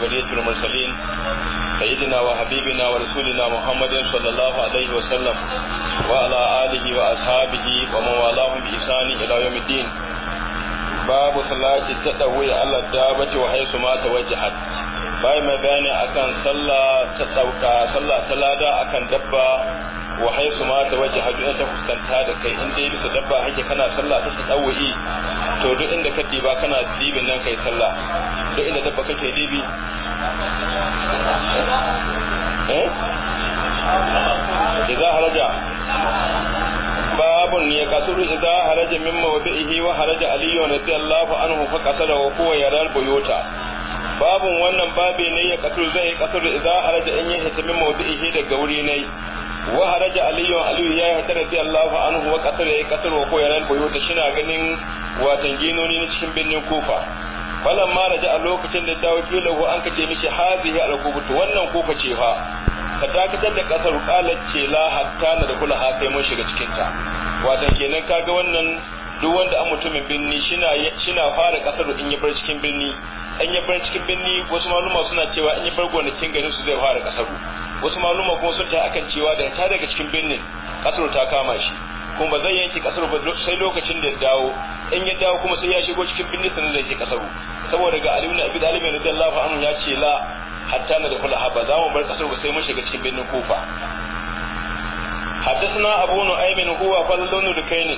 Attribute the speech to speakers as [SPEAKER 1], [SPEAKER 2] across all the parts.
[SPEAKER 1] وبرية المرسلين سيدنا وحبيبنا ورسولنا محمد صلى الله عليه وسلم وعلى آله وأصحابه ومن والاهم بإحسان إلى يوم الدين باب صلاة التدوي على الدابة وحيث ما توجهت باي ما بياني أكن صلى تسوكا صلى تلادا أكن دبا wa haisu ma ta waje hajji ta fuskanta da kai in dai bisa dabba hake kana sallah ta tsawuhi to duk inda ka diba kana dibin nan kai sallah duk inda dabba kake dibi eh idza haraja babun ya kasuru idza haraja min mawdihi wa haraja aliyu radiyallahu anhu fa qasara wa huwa yaral buyuta babun wannan babi ne ya kasuru zai kasuru idza haraja in ya hita min mawdihi daga wuri ne wa haraja aliyu aliyu ya hita radiyallahu anhu wa qasara ya kasuru wa huwa yaral buyuta shina ganin watan ginoni na cikin birnin kufa falan ma raja a lokacin da dawo lagu an kace mishi hazihi kubutu wannan ko kace fa ka dakatar da kasar qalat ce la hatta na da kula kai mun shiga cikin ta wato kenan kaga wannan duk wanda an mutumin binni shina shina fara kasar in ya bar cikin binni in ya bar cikin binni wasu maluma suna cewa in ya bar gonakin garin su zai fara kasar wasu maluma kuma sun ta akan cewa da ta daga cikin binnin kasar ta kama shi kuma ba zai yanke kasar ba sai lokacin da ya dawo in ya dawo kuma sai ya shigo cikin binne sanin zai kasar saboda ga Ali ibn Abi Talib radiyallahu anhu ya ce la hatta na kula ba za mu bar kasar ba sai mun shiga cikin binnin Kufa حدثنا أبو نعيم هو فضل بن ركين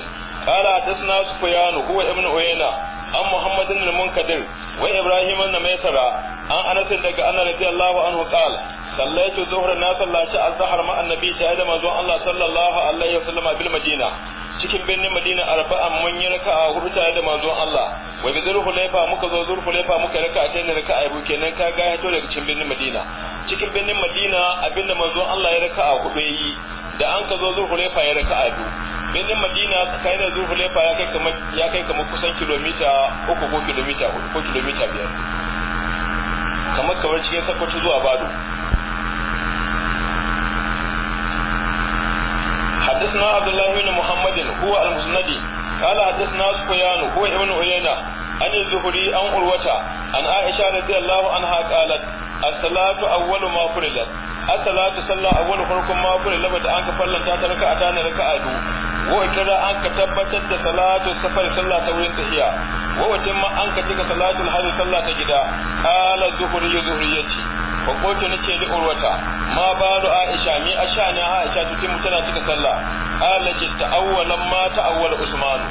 [SPEAKER 1] قال حدثنا سفيان هو ابن عيينة عن محمد بن المنكدر وإبراهيم بن ميسرة عن أنس daga أن رضي الله عنه قال sallaitu zuhra na sallaci azhar ma annabi tare da manzon Allah sallallahu alaihi wasallam bil madina cikin birnin madina arba'an mun yi raka'a hudu tare da manzon Allah wa bi zul hulaifa muka zo zul hulaifa muka raka'a tare da raka'a bu kenan ka ga ya to cikin birnin madina cikin birnin madina abinda manzon Allah ya raka'a hudu yi da an ka zo zul hulaifa ya raka'a biyu birnin madina tsakanin da zul hulaifa ya kai kamar ya kai kamar kusan kilomita uku ko kilomita hudu ko kilomita biyar kamar kamar cikin sakwato zuwa bado حدثنا عبد الله بن محمد هو المسندي قال حدثنا سفيان هو ابن عيينة عن الزهري عن عروة عن عائشة رضي الله عنها قالت الصلاة أول ما فرلت الصلاة صلى أول فرق ما فرلت بدأ أنك فرلت تاتي ركعتان ركعة wa kira an ka tabbatar da salatu safar sallah ta wurin tahiya wa wajen ma an ka cika salatul hajj sallah ta gida qala zuhri zuhri yace fa qultu nace li urwata ma balu aisha mi ashani aisha tutin tana cika sallah qala ce ta'awwalan ma ta'awwala usman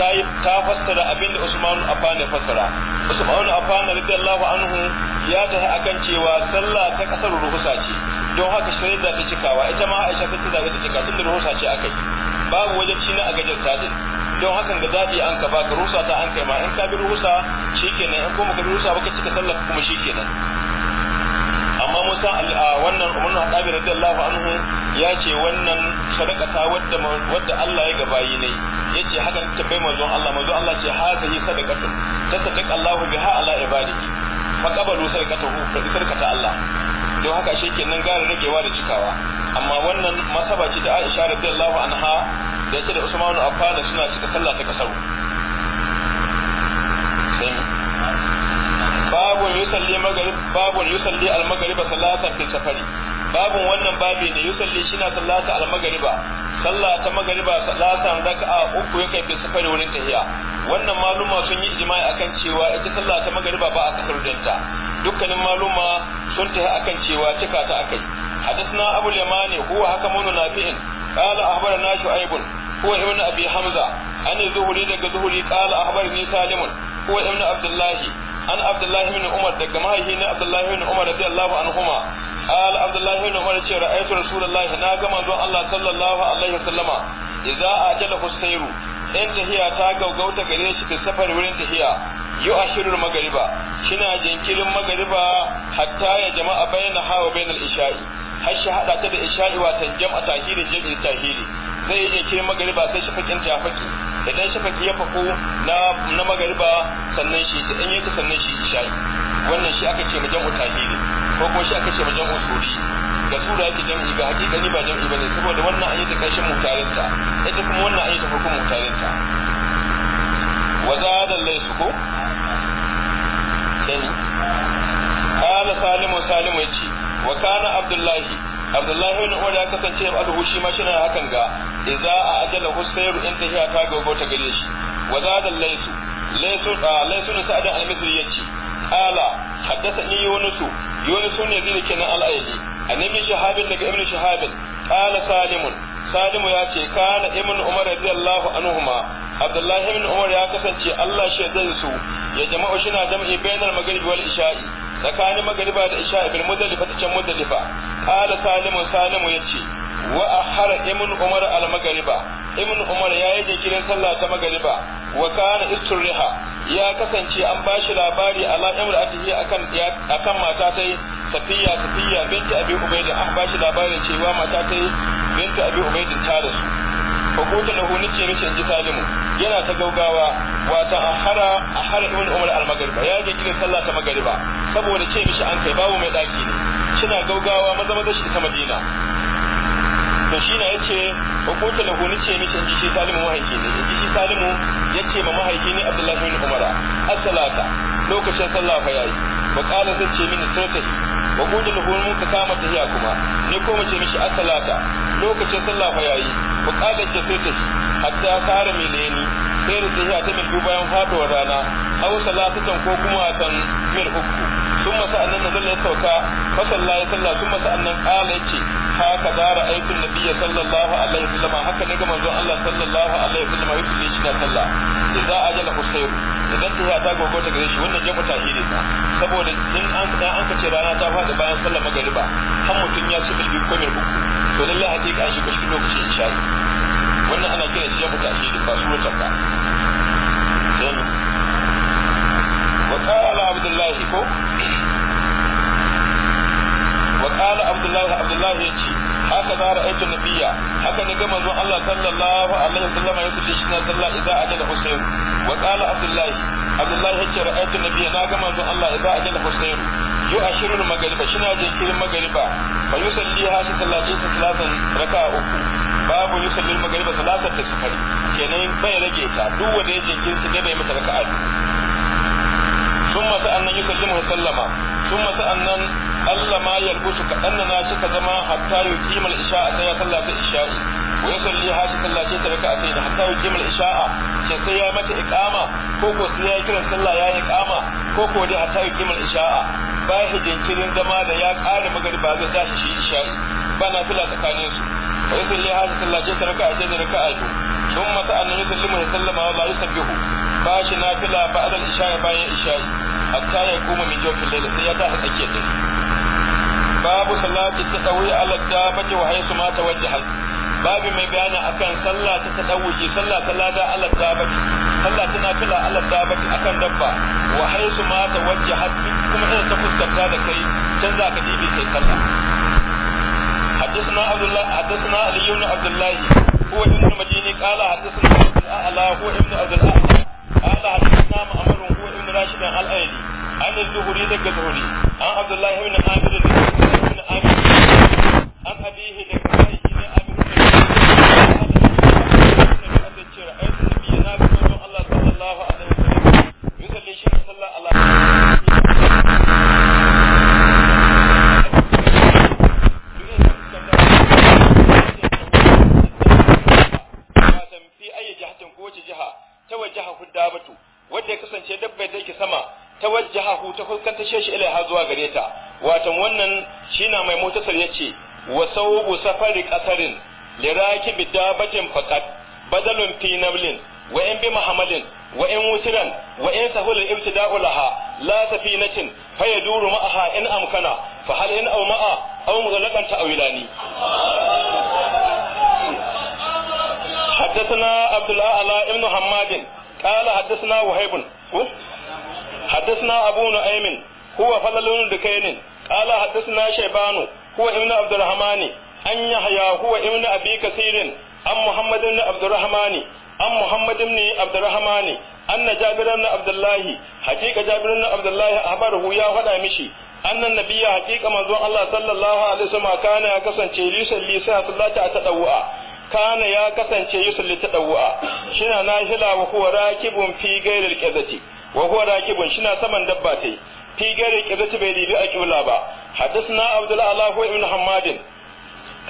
[SPEAKER 1] ta ta fassara abinda usman affan ya fassara usman affan radiyallahu anhu ya tahi akan cewa sallah ta kasar ruhusa ce don haka shirin da ta cikawa ita ma aisha ta ce za ta cika tun da ruhusa ce akai babu wajen ci na a gajar din don hakan da zaɓi an ka baka rusa ta an kai ma in ka bi rusa shikenan in kuma ka bi rusa baka cika sallar kuma shikenan amma Musa wannan Umar Hadabi radiyallahu anhu ya ce wannan sadaka ta wadda wadda Allah ya gabayi ne yace hakan ta bai manzon Allah manzon Allah ce yi hazihi sadaqatu tasaddaq Allahu biha ala ibadihi fa qabalu sadaqatahu fa sadaqata Allah don haka shikenan gara ragewa da cikawa amma wannan masaba ce ta Aisha radiyallahu anha da ita da Usman Affan suna cika sallah ta kasaru babun yusalli maghrib babun yusalli al-maghrib salatan fil safari babun wannan babi ne yusalli shina sallata al-maghriba sallah ta maghriba salatan raka'a uku yake fi safari wurin tahiya wannan maluma sun yi ijma'i akan cewa ita sallah ta maghriba ba a kasar dinta dukkanin maluma sun tahi akan cewa cika ta akai حدثنا أبو اليماني هو حكم نافع قال أخبرنا شعيب هو ابن أبي حمزة عن الزهري دق زهري قال أخبرني سالم هو ابن عبد الله عن عبد الله بن عمر دق ماهي عبد الله بن عمر رضي الله عنهما قال عبد الله بن عمر شيء رأيت رسول الله ناقة من الله صلى الله عليه وسلم إذا أجله السير in tahiya ta gaugauta gare shi fi safar wurin tahiya yu ashirul magariba shina jinkirin magariba hatta ya jama'a bayna hawa bainal isha'i har shi hada ta da isha'i watan jam'a tahiri jam'i tahiri zai iya ke magariba sai shafakin ta faki idan shafaki ya fako na na magariba sannan shi da yake sannan shi isha'i wannan shi aka ce ma jam'u tahiri ko kuma shi aka ce ma jam'u suri da sura yake jam'i ga hakikani ba jam'i bane saboda wannan an yi ta kashin mutarinta ita kuma wannan an yi ta farkon mutarinta wa zada laysu ko dani qala salimu salimu yace wa kana abdullahi abdullahi ibn umar ya kasance ba alhu shi ma shi hakan ga idza ajala husayru in tahiya ta gogo ta gare shi wa zada laysu laysu laysu sa'ad al-misri yace qala haddathani yunus yunus ne zai nan al-aili annabi shahabin daga ibn shahabin qala salimun salimu ya ce kana ibn umar radiyallahu anhuma abdullahi ibn umar ya kasance Allah shi zai su ya jama'u shi na jam'i bainal maghribi wal isha'i tsakanin magariba da isha bil mudallifa ta can mudallifa qala salimu salimu yace wa ahara ibn umar al magariba ibn umar yayi jinkirin sallah ta magariba wa kana isturriha ya kasance an bashi labari ala imra'atihi akan akan mata ta safiya safiya binti abi ubaid an bashi labarin cewa mata ta binti abi ubaid ta rasu fa qultu lahu nace mishi in ji salimu yana ta gaugawa wata ahara ahara ibn umar al-magriba ya je gidan sallah ta magriba saboda ce mishi an kai babu mai daki ne kina gaugawa maza maza shi ta madina to shi na yace fa lahu nace mishi in ji shi salimu mahaifi ne in ji shi talimu yace ma mahaifi ne abdullahi ibn umar as-salata lokacin sallah fa yayi wa qala sai ce mini sai wa kudu lahu mun ka kama tahiya kuma ni ko mace mishi asalata lokacin sallah fa yayi bukatar ce sai ta shi hatta fara mileni sai da tahiya ta mil yan faduwar rana aw salatukan ko kuma san mil uku sun masa annan ya sauka fa sallah sallah sun masa annan ya yace hakaza ra'aytu nabiyya sallallahu alaihi wasallam haka ne ga manzon Allah sallallahu alaihi wasallam yusalli shi na sallah idza ajala husayr idan tuwa ta gogo ta gare shi wannan jamu tahiri sa saboda in an da an kace rana ta fada bayan sallar magariba har mutun ya ci bilbi ko uku to lalle hakika an shiga cikin lokacin isha wannan ana kira shi jamu tahiri ba su wata ba
[SPEAKER 2] وقال عبد الله ko
[SPEAKER 1] وقال عبد الله عبد الله يجي haka da ra'aytu nabiyya haka ne ga manzon Allah sallallahu alaihi wasallam ya salli shi na sallah idza ajala husayn wa qala abdullahi abdullahi yace ra'aytu nabiyya na ga manzon Allah idza ajala husayn yu ashirul magriba shi na jinkirin magriba fa yusalli ha shi sallaci ta salatan raka'a uku babu yusalli magriba salatan ta sifari kenan bai rage ta duk wanda ya jinkirta ne bai mata raka'a ثم سألنا يسلمه سلما ثم سألنا Allah ma ya yalbusu ka na suka zama hatta yuqima al-isha'a sai ya sallata isha'i wa yusalli ha shi sallace ta raka'a sai hatta yuqima al-isha'a sai sai ya mata iqama ko ko sai ya kiran sallah ya iqama ko ko dai hatta yuqima al-isha'a ba shi jinkirin zama da ya ƙara magariba zai tashi shi isha'i ba na fila tsakanin su wa yusalli ha shi sallace ta raka'a sai da a raka'a biyu ثم سألنا يسلم ويسلم ولا يسبه باش نافلة بعد الإشاء باين إشاء حتى يقوم من جوف الليل سيدا حتى كيدر babu salati ta tsawi ala dabati wa haisu ma tawajjahat babu mai bayani akan sallah ta tadawuji sallah ta lada ala dabati sallah tana fila ala dabati akan dabba wa haisu ma tawajjahat kuma ina ta da kai ka kai حدثنا عبد الله حدثنا علي بن عبد الله هو ابن المديني قال حدثنا عبد الاعلى هو ابن عبد الاعلى قال حدثنا معمر هو ابن راشد الايلي an zuhuri daga zuhuri an abdullahi ibn amir daga ibn amir an abihi
[SPEAKER 2] daga aisha ne amir da ce ra'aytu nabiyyi na bi Allah sallallahu alaihi wasallam yusalli shi sallallahu alaihi
[SPEAKER 1] ta wajaha huddabatu wanda ya kasance dabbai da yake sama tawajjahu ta fuskanta shi ilaiha zuwa gare ta watan wannan shina mai mutasar yace wa sawbu safari qasarin li rakibi dabatin faqat badalun fi nablin wa in bi muhammadin wa in wutiran wa in sahul ibtida'u laha la safinatin fa yaduru ma'aha in fa in ma'a حدثنا عبد الله ابن حماد قال حدثنا وهيب حدثنا أبو نعيم هو فلل دكين قال حدثنا شيبان هو ابن عبد الرحمن أن يحيى هو ابن أبي كثير عن محمد بن عبد الرحمن عن محمد بن عبد الرحمن أن جابر بن عبد الله حقيقة جابر بن عبد الله أخبره يا فدا مشي أن النبي حقيقة منظور الله صلى الله عليه وسلم كان يكسن يصلي ساعة صلاة التطوع كان يكسن يصلي التطوع شنا نازل وهو راكب في غير الكذتي wa huwa rakibun shina saman dabba tai fi gare kibati bai libi a kibla ba haddathna abdul allah wa ibn hammad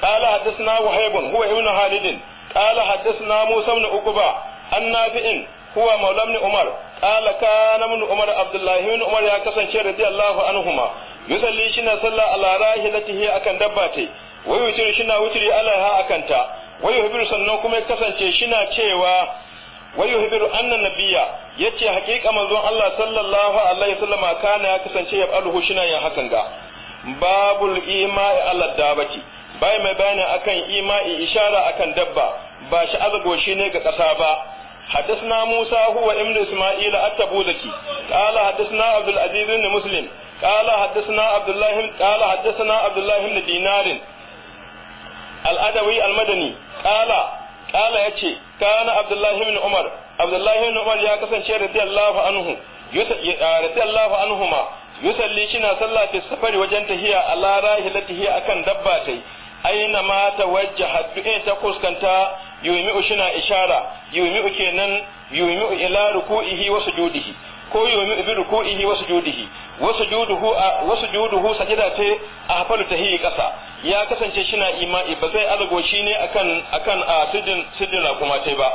[SPEAKER 1] qala haddathna wahib huwa ibn Halidin qala haddathna musa ibn uqba an nafi'in huwa maula ibn umar qala kana ibn umar abdullah ibn umar ya kasance radiyallahu anhuma yusalli shina salla ala rahilatihi akan dabba tai wa yutir shina wutri alaiha akanta wa yuhbiru sannan kuma ya kasance shina cewa wa yuhbiru anna nabiyya yace haƙiƙa manzon Allah sallallahu alaihi wasallama kana ya kasance ya aluhu shina yin hakan ga babul ima'i ala dabati bai mai bayani akan ima'i ishara akan dabba ba shi azago shi ne ga ƙasa ba حدثنا موسى هو ابن اسماعيل التبوذكي قال حدثنا عبد العزيز بن مسلم قال حدثنا عبد الله قال حدثنا عبد الله بن دينار الأدوي المدني قال kala ya ce kana abdullahi ibn umar abdullahi ibn umar ya kasance radiyallahu anhu radiyallahu anhuma yusalli shina sallah fi safari a kan ala rahilatihi akan dabba tai aina ma tawajjaha in ta kuskanta yumi'u shina ishara yumi'u kenan yumi'u ila ruku'ihi wa sujudihi ko yomi bi ruku'ihi wa sujudihi wa sujuduhu wa sujuduhu sajada ce a hafalu tahiyyi kasa ya kasance shina imani ba zai azago shi ne akan akan a sidin sidin kuma tai ba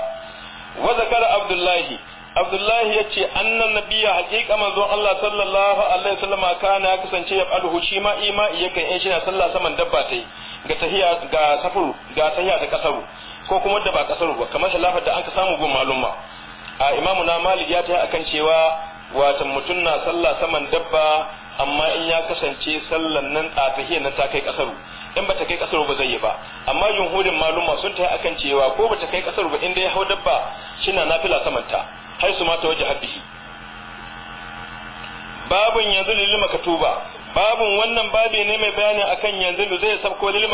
[SPEAKER 1] wa zakara abdullahi abdullahi ya ce annan nabiya hakika manzon Allah sallallahu alaihi wasallam kana kasance ya faluhu shi ma imai yakan yin shi na sallah saman dabba tai ga tahiya ga safuru ga tahiya da kasaru ko kuma da ba kasaru ba kamar shallafar da an ka samu gun malumma a imamu na malik ya ta akan cewa watan mutum na sallah saman dabba amma in ya kasance sallan nan a tahiyar nan ta kai kasaru in bata kai kasaru ba zai yi ba amma yunhudin maluma sun ta akan cewa ko bata kai kasaru ba inda ya hau dabba shina nafila saman ta har su mata ta waje haddihi babun yanzu lil makatuba babun wannan babi ne mai bayani akan yanzu zai sabko lil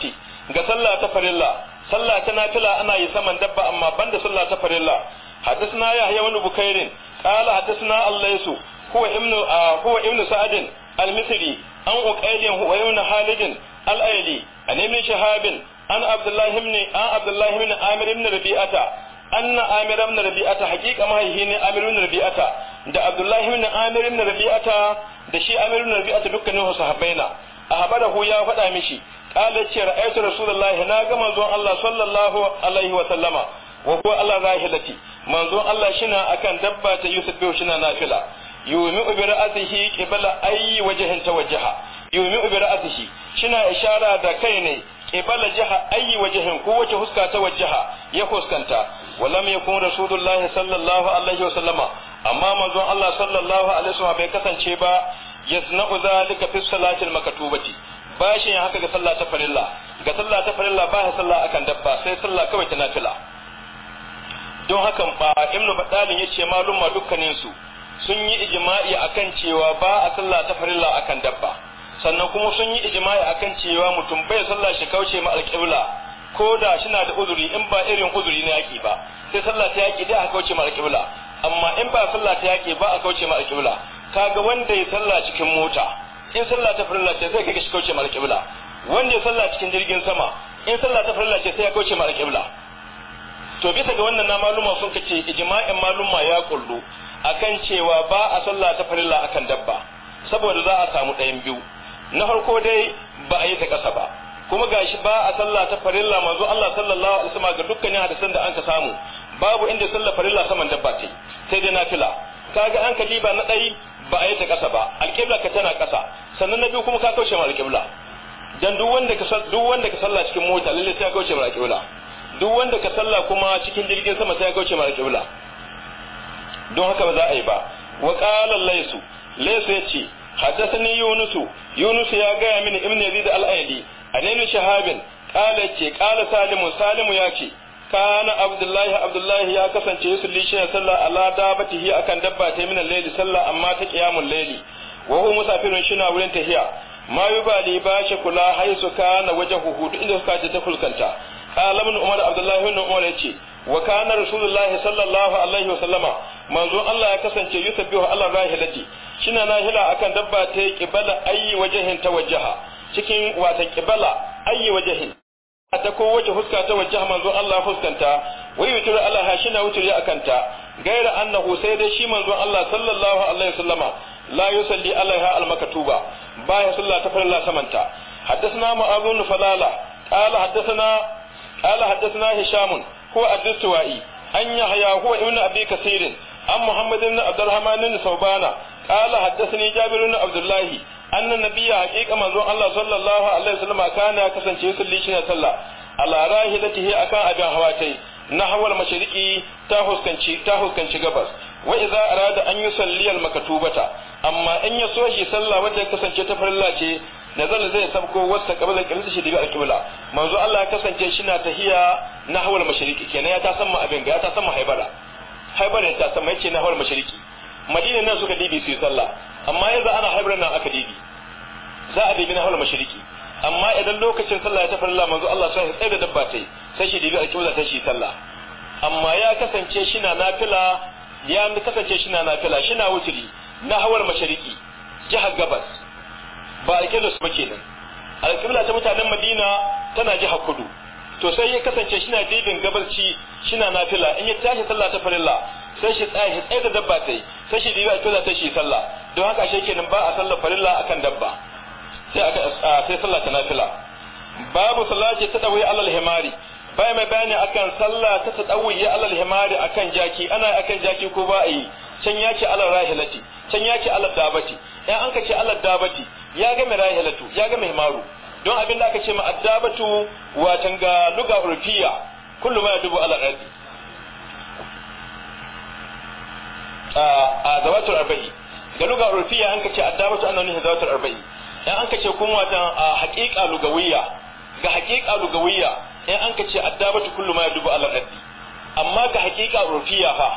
[SPEAKER 1] ce, ga sallah ta farilla sallah ta nafila ana yi saman dabba amma banda sallah ta farilla حدثنا يحيى بن بكير قال حدثنا الليث هو ابن آه هو ابن سعد المصري عن عقيل وابن خالد الايلي عن ابن شهاب عن عبد الله بن عن عبد الله بن عامر بن ربيعه أن عامر بن ربيعه حقيقة ما هي هنا عامر بن ربيعه da Abdullahi ibn Amir ibn da shi Amir ibn Rabi'ata dukkanin su sahabbaina ahbarahu ya faɗa mishi qala ce ra'aytu rasulullahi na ga manzon Allah sallallahu alaihi wa sallama wa huwa ala rahilati manzon Allah shina akan dabba ta yusabbihu shina nafila yumi'u bi ra'sihi qibla ayyi wajhin tawajjaha shina ishara da kai ne qibla jiha ayyi wajhin ko wace huska ta ya fuskanta walam yakun rasulullahi sallallahu alaihi wasallama amma manzon Allah sallallahu alaihi wasallam bai kasance ba yasna'u zalika fi salatil makatubati bashin haka ga sallah ta farilla ga sallah ta farilla ba sallah akan dabba sai sallah kawai ta nafila don hakan ba ibnu badalin yace malumma dukkanin su sun yi ijma'i akan cewa ba a sallah ta farilla akan dabba sannan kuma sun yi ijma'i akan cewa mutum bai sallah shi kauce ma alƙibla ko da shina da uzuri in ba irin uzuri na yaki ba sai sallah ta yaki dai a kauce ma alƙibla amma in ba sallah ta yaki ba a kauce ma alƙibla kaga wanda ya sallah cikin mota in sallah ta farilla ce sai kaga shi kauce ma alƙibla wanda ya sallah cikin jirgin sama in sallah ta farilla ce sai ya kauce ma alƙibla to bisa ga wannan na maluma sun ce ijma'in maluma ya kullu akan cewa ba a sallah ta farilla akan dabba saboda za a samu ɗayan biyu na farko dai ba a yi ta ƙasa ba kuma gashi ba a sallah ta farilla manzo Allah sallallahu alaihi wasallam ga dukkanin hadisan da anka samu babu inda sallah farilla saman dabba ce sai dai nafila kaga an ba na ɗayi ba a yi ta ƙasa ba alƙibla ka tana ƙasa sannan na biyu kuma ka kauce ma alƙibla dan duk wanda ka duk wanda ka sallah cikin mota lalle sai ka kauce ma alƙibla duk wanda ka sallah kuma cikin jirgin sama sai ya kauce mara kibla don haka ba za a yi ba wa qala laysu laysu yace haddathani yunus Yunusu ya gaya mini ibn yazid al-aidi anani shahabin qala yace qala salimu salimu yace kana abdullahi abdullahi ya kasance li shi ya sallah ala dabatihi akan dabba ta min al-layli sallah amma ta qiyamul layli wa huwa musafirun shina wurin tahiya ma yubali ba shi kula haisu kana wajahu hudu inda suka ta fulkanta qala ibn umar abdullahi ibn umar ce, wa kana rasulullahi sallallahu alaihi wa sallama manzon Allah ya kasance yusabbihu ala rahilati shina nahila akan dabba ta qibala ayi wajhin tawajjaha cikin wata qibala ayi wajhin ta ko wace huska ta wajjaha manzon Allah fuskanta wai yutura Allah ha shina wuturi akanta gaira annahu sai dai shi manzon Allah sallallahu alaihi wa sallama la yusalli alaiha almakatuba baya sallah ta farilla samanta حدثنا معاذ بن فلالة قال حدثنا قال حدثنا هشام هو الدستوائي أن يحيى هو ابن أبي كثير عن محمد بن عبد الرحمن بن ثوبان قال حدثني جابر بن عبد الله أن النبي حقيقة منظور الله صلى الله عليه وسلم كان يكسن شيء يصلي شيء صلى على راحلته أكان أبي هواتي نحو المشرق تاهوس كنشي تاهوس كنشي غبس وإذا أراد أن يصلي المكتوبة amma in ya so shi sallah wanda ya kasance ta farilla ce nazala zai sabko wasta qabla qibla shi daga alqibla manzo Allah ya kasance shi na tahiya nahwal mashriqi kenan ya ta san ma abin ga ya ta ma haibara haibara ta samma na nahwal mashriqi madina nan suka dibi su sallah amma yanzu ana haibara nan aka dibi za a dibi nahwal mashriqi amma idan lokacin sallah ya tafi Allah manzo Allah sai tsaye da dabba tai sai shi dibi alqibla ta shi sallah amma ya kasance shi na nafila ya kasance shi na nafila shi na wuturi nahwal mashriqi jihar gabas ba alƙibla su ba nan alƙibla ta mutanen madina tana jihar kudu to sai ya kasance shina daidin gabarci shina nafila in ya tashi sallah ta farilla sai shi tsaya shi tsaye da dabba ta yi sai shi dira a tola sai shi sallah don haka ashe kenan ba a sallar farilla akan dabba sai aka sai sallah ta nafila babu salati ta dawai alal himari bai mai bayani akan sallah ta ta dawi alal himari akan jaki ana akan jaki ko ba a yi can yaki alal rahilati can yaki alal dabati in an ka ce Allah dabati ya ga rahilatu ya ga maru don abin da aka ce ma addabatu watan ga luga urfiya kullu ma yadubu ala ardi a zawatul arba'i ga luga urfiya an ka ce addabatu annahu ne zawatul arba'i in an ka ce kun watan a haqiqa lugawiyya ga haqiqa lugawiyya in an ka ce addabatu kullu ma yadubu ala ardi amma ga haqiqa urfiya fa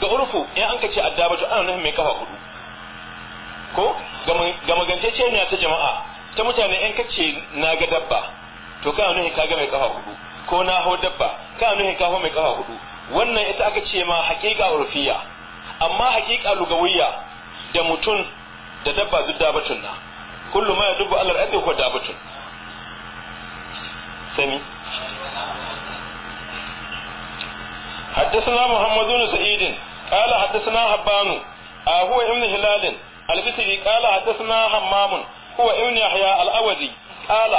[SPEAKER 1] ga urfu in an ka ce addabatu annahu mai kafa hudu ko ga maganceceniya ta jama'a ta mutane yan kace na ga dabba to ka nuhi ka ga mai kafa hudu ko na hau dabba ka nuhi ka hau mai kafa hudu wannan ita aka ce ma haƙiƙa urfiya amma haƙiƙa lugawiyya da mutum da dabba duk dabatun na kullum ma ya allar alal ardi ko dabatun sami حدثنا محمد بن سعيد قال حدثنا حبان آه هو ابن هلال المثلي قال حدثنا همام هو ابن يحيى الأودي قال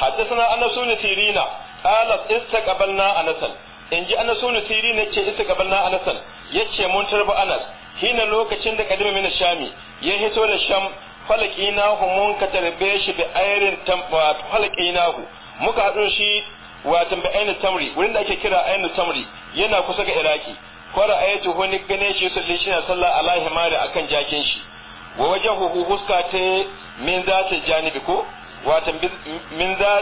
[SPEAKER 1] حدثنا أنس بن سيرين قالت استقبلنا أنسا in ji anas ibn sirin yace istaqbalna anasan yace mun tarba anas hina lokacin da kadima min shami ya hito da shan falakina mun ka tarbe shi bi ayrin tambat falakina muka hadu shi wa tambayin tamri wurin da ake kira ayrin tamri yana kusa ga iraki fara ayatu hu gane shi salli shi na sallah ala himari akan jakin shi wa wajhuhu huska ta min ta janibi ko watan min za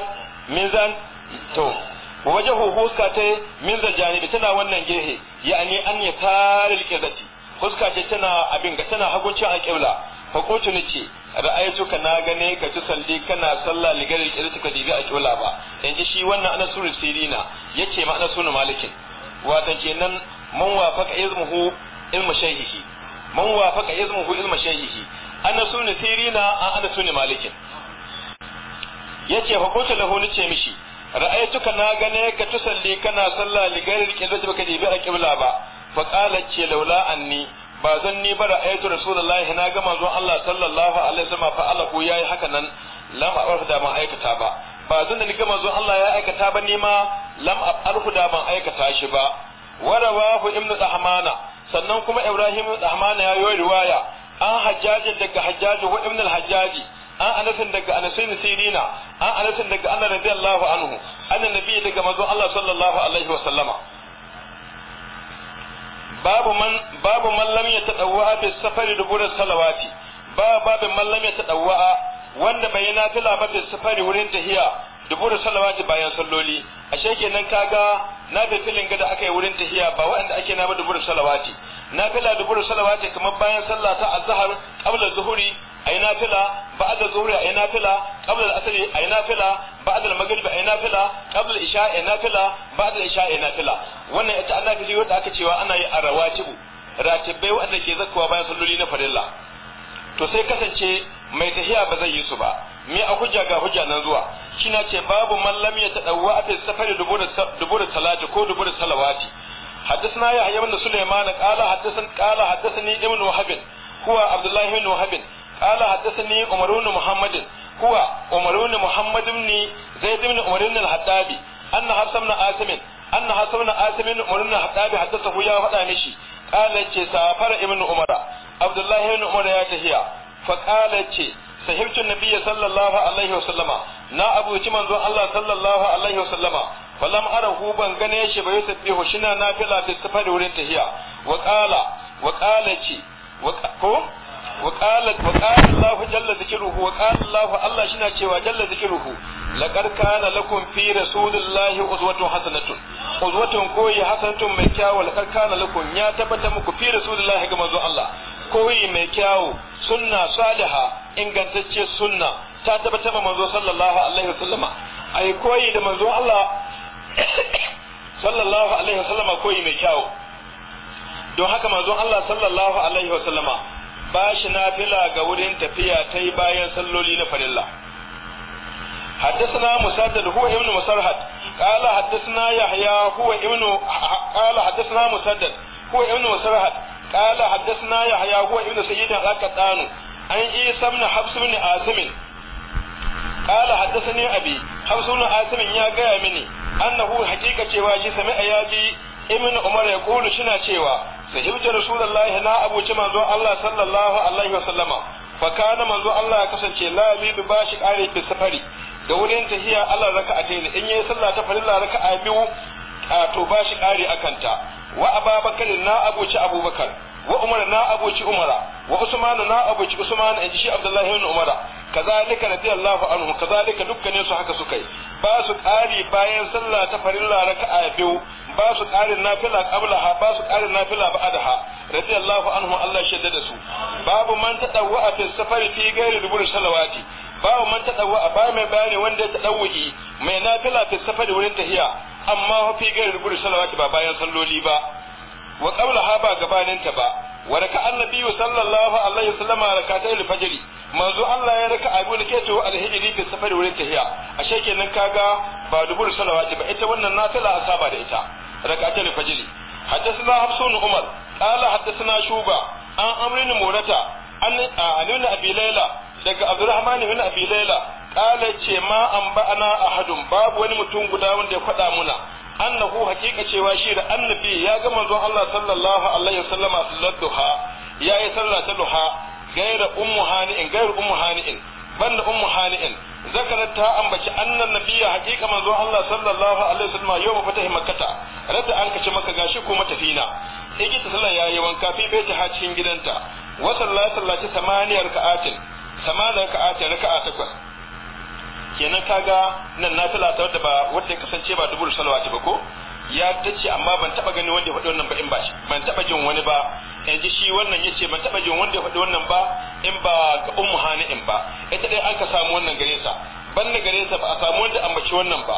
[SPEAKER 1] min za to wa wajhuhu huska ta min za janibi tana wannan gehe ani an ya taril qibati huska ce tana abin ga tana haguncin alqibla fa ce nace ka na gane ka ci salli kana sallah ligaril qibati ka dibi alqibla ba yanzu shi wannan ana ya yace ma ana sunu malikin watan kenan man wafaka ilmuhu ilmu shaykhihi man wafaka ilmuhu ilmu shaykhihi ana sunni sirina an ana sunni malikin yace hukunta lahu nace mishi ra'aytuka na gane ka tusalli kana sallah li gairin qiblati baka dibi a qibla ba fa qala ce laula ba zan ba rasulullahi na ga zuwa Allah sallallahu alaihi wasallam fa Allah yayi hakanan lam da ma aikata ba ba zan da ni Allah ya aikata ba ni ma lam a'rif da ban aikata shi ba warawahu ibnu dahmana sannan kuma ibrahim ibnu dahmana ya yi riwaya an hajjajin daga hajjaji wa hajjaji an anasin daga anasin sirina an anasin daga anna radiyallahu sallallahu alaihi wa sallama babu man babu man lam yatadawwa bi safari dubur salawati ba babu man lam yatadawwa wanda bai nafila ba safari wurin tahiya dubur salawati bayan salloli ashe kenan kaga na filin gada aka yi wurin tahiya ba waɗanda ake na dubur salawati nafila dubur salawati kamar bayan sallah ta azhar qabla zuhuri ayi fila ba'da zuhuri ayi fila qabla al-asri ayi nafila ba'da maghrib ayi fila qabla isha ayi fila ba'da isha ayi fila wannan ita Allah kace wanda aka cewa ana yi a rawatibu ratibai wanda ke zakkuwa bayan salloli na farilla to sai kasance mai tahiya ba zai yi su ba me a hujja ga hujja nan zuwa shina ce babu man lam yatadawwa fi safari dubur salati ko dubur salawati حدثنا يحيى بن سليمان قال حدثنا قال حدثني ابن وهب هو عبد الله بن وهب قال حدثني عمر بن محمد هو عمر بن محمد بن زيد بن عمر بن الحطابي أن حسن بن عاصم أن حسن بن عاصم بن عمر بن الحطابي حدثه يا فدا مشي قال ce safar ibn umara abdullahi ibn umara ya tahiya fa qala ce sahibtu nabiyyi sallallahu alaihi wasallama na abuci manzon Allah sallallahu alaihi wasallama falam arahu ban gane shi ba wa qala cewa jalla dhikruhu laqad mai kyawun ya ga Allah koyi mai kyawu sunna saliha ingantacce sunna ta tabbatar ma manzo sallallahu alaihi wasallama ai koyi da manzo Allah sallallahu alaihi wasallama koyi mai kyawu don haka manzon Allah sallallahu alaihi wasallama ba shi nafila ga wurin tafiya ta yi bayan salloli na farilla حدثنا مسدد هو ابن مسرهد قال حدثنا يحيى هو ابن قال حدثنا مسدد هو ابن مسرهد قال حدثنا يحيى هو ابن سعيد القطان عن عيسى بن حفص بن عاصم قال حدثني ابي حفص بن عاصم يا غيا مني انه حقيقه cewa ji sami'a ya ji ibn umar ya kulu na cewa sahibtu rasulullahi na abuci manzo Allah sallallahu alaihi wasallama fa kana manzo Allah kasance la bi bi bashi qari bi safari da wurin tahiya Allah raka'a in yayi sallah ta biyu to ba shi ƙari a kanta wa ababakar na abuci abubakar wa umar na abuci umara wa usmanu na abuci usmanu in ji shi abdullahi ibn umara kazalika radiyallahu anhu kazalika dukkanin su haka suka yi ba su ƙari bayan sallah ta farilla raka'a biyu ba su ƙarin nafila qablaha ba su ƙarin nafila ba'daha radiyallahu anhu Allah shaidda da su babu man tadawwa fi safari fi ghairi dubur salawati babu man tadawwa ba mai bayani wanda ya tadawwi mai nafila fi safari wurin tahiya amma fi gairar gudu salawati ba bayan salloli ba wa qabla ha ba gabanin ta ba wa raka annabi sallallahu alaihi wasallam rakatai al-fajr manzo Allah ya raka abu da ke to al-hijri fi safari wurin tahiya ashe kenan kaga ba dubur salawati ba ita wannan nafila asaba da ita rakatai al-fajr حدثنا حفص بن عمر قال حدثنا شوبة عن أمر مرتا عن عن ابن أبي ليلى دق عبد الرحمن بن أبي ليلى kala ce ma an ba'ana ahadun babu wani mutum guda wanda ya faɗa muna annahu hakika cewa shi da annabi ya ga manzon Allah sallallahu alaihi a sallar duha ya yi sallar ta duha gaira ummu hani'in gaira ummu hani'in banda ummu hani'in zakarar ta ambaci annan nabiya hakika manzon Allah sallallahu alaihi wasallam yau ba fatahi makkata radda an kace maka gashi ko matafina igi ta sallar yayi wanka fi baiti ha cikin gidanta wa sallallahu wasallam samaniyar ka'atin samaniyar ka'atin raka'a takwas kenan kaga nan na fila ta wadda ba wadda ya kasance ba dubul salawati ba ko ya ce amma ban taba gani wanda ya faɗi wannan ba in ba shi ban taba jin wani ba yanzu shi wannan yace ban taba jin wanda ya faɗi wannan ba in ba ga ummu in ba ita dai an ka samu wannan gare sa ban da gare sa ba a samu wanda ambaci wannan ba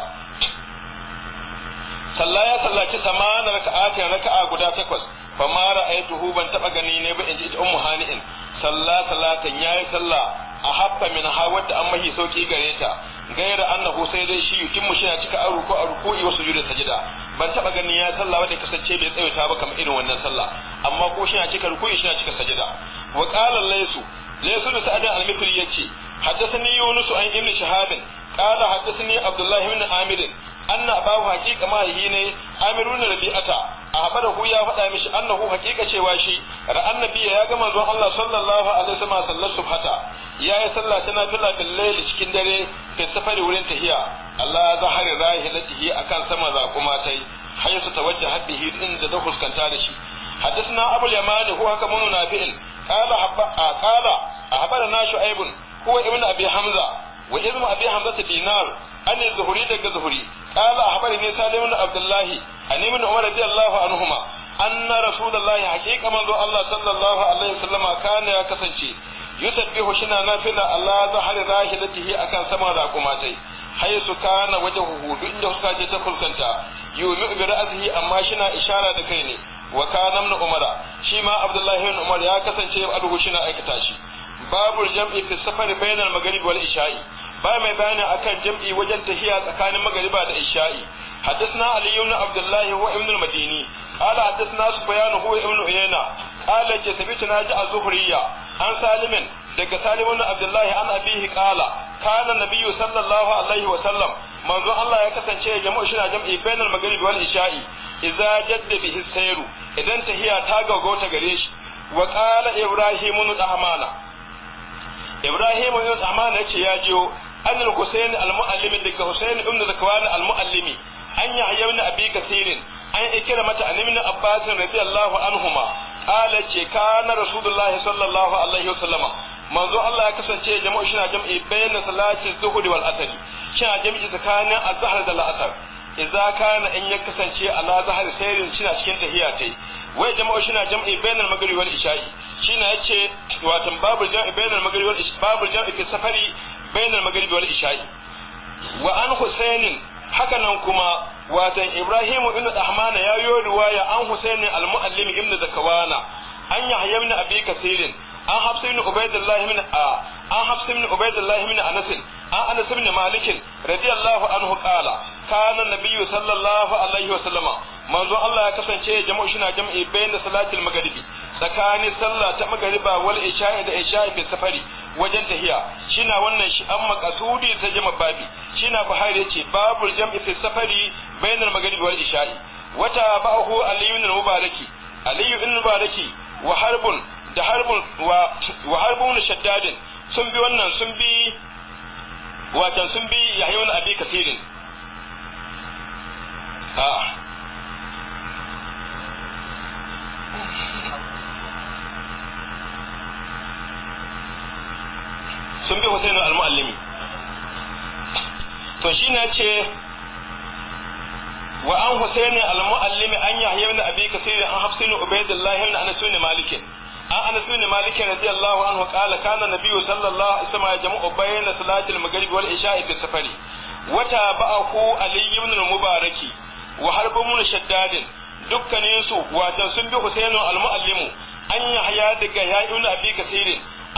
[SPEAKER 1] sallah ya sallaci samanar raka'atin raka'a guda takwas fa ayi ra'aytuhu ban taba gani ne ba in ji ummu in sallah salatan yayi sallah a haffa min ha wadda an mahi sauki gare ta gaira annahu sai dai shi yukin mu shina cika aruku a yi wasu jure sajida ban taba ganin ya sallah wanda kasance bai tsayuta ba kamar irin wannan sallah amma ko shina cika ruku shina cika sajida wa qala laysu laysu da sa'adan al-mithri yace haddathani yunus an ibn shahabin قال حدثني عبد الله بن عامر أن أباه حقيقة ما هيني عامر بن ربيعة أخبره يا فدا مش أنه حقيقة شواشي رأى النبي يا جماعة الله صلى الله عليه وسلم صلى الصبح يا يصلى سنة في الليل cikin dare في السفر wurin tahiya Allah zahar rahilatihi akan sama za kuma tai haythu tawajjaha bihi inda da fuskanta da shi حدثنا أبو اليمان هو كمن نافع قال حب... قال أخبرنا شعيب هو ابن أبي حمزة wa ilmu abi hamzata dinar an zuhuri daga zuhuri qala ahbarani salim ibn abdullah an ibn umar radiyallahu anhuma anna rasulullahi haqiqa manzo Allah sallallahu alaihi wasallama kana ya kasance yusabbihu shina nafila ala zahari rahilatihi akan sama da kumatai haisu kana wajhuhu duk inda suka je ta kulkanta yumi bi ra'sihi amma shina ishara da kai ne wa kana ibn umara shi ma abdullahi ibn umar ya kasance alhu shina aikata shi babul jam'i fi safari bainal maghrib wal isha'i ba mai bayani akan jam'i wajen tahiya tsakanin magariba da isha'i حدثنا علي بن عبد الله هو ابن المديني قال حدثنا سفيان هو ابن عيينة قال جسبت ناجع الزهرية عن سالم daga Salim ibn Abdullahi an abihi qala kana nabiyyu sallallahu alaihi wa sallam manzo Allah ya kasance ya jama'u shi na jam'i bainal maghrib wal isha'i idza jadda bihi sayru idan tahiya ta gaugauta gare shi wa ibrahim ibn Ahmana yace ya jiyo an al-husayn al-muallimi daga husayn ibn zakwan al-muallimi an yahya ibn abi kasirin an ikira mata an ibn abbas radiyallahu anhuma qala ce kana rasulullahi sallallahu alaihi manzo Allah ya kasance jama'a shi na jam'i bayan salati zuhri wal asr shi na jam'i tsakanin azhar da al idza kana in ya kasance ala zahar sayrin shi na cikin tahiya tai wai jama'a shi na jam'i bayan al-maghrib wal isha'i shi na yace watan babu jam'i bayan al-maghrib wal isha'i babu jam'i fi safari bainal maghribi wal isha'i wa an husainin haka nan kuma watan ibrahim ibn dahmana ya yi riwaya an husainin al-muallim ibn zakawana an yahya ibn abi kasirin an hafsa ibn ubaidillah ibn a an hafsa ibn ubaidillah ibn anas an anas ibn malik radiyallahu anhu qala kana nabiyyu sallallahu alaihi wa sallama manzo Allah ya kasance jama'u shi na jami'i bayan tsakanin sallah ta magariba wal isha da isha bi safari wajen tahiya shina wannan shi an makasudi ta jama babi shina buhari yace babul jam'i fi safari bainal magaribi wal isha wata ba'hu aliyu ibn mubaraki aliyu ibn mubaraki wa harbun da harbun wa wa harbun shaddadin sun bi wannan sun bi watan sun bi yahya ibn abi kasirin a ah. sun bi Hussein al-Muallimi to shi na ce wa an Hussein al-Muallimi an Yahya ibn Abi Kasir an Hafs ibn Ubaydillah ibn Anas ibn Malik an Anas ibn Malik radiyallahu anhu qala kana nabiyyu sallallahu alaihi wasallam yajma'u bayna al maghrib wal isha'i fi safari wata ba'ahu Ali ibn al-Mubaraki wa harbun mun shaddadin dukkaninsu watan sun bi Husainu al-Muallimu an Yahya daga Yahya ibn Abi Kasir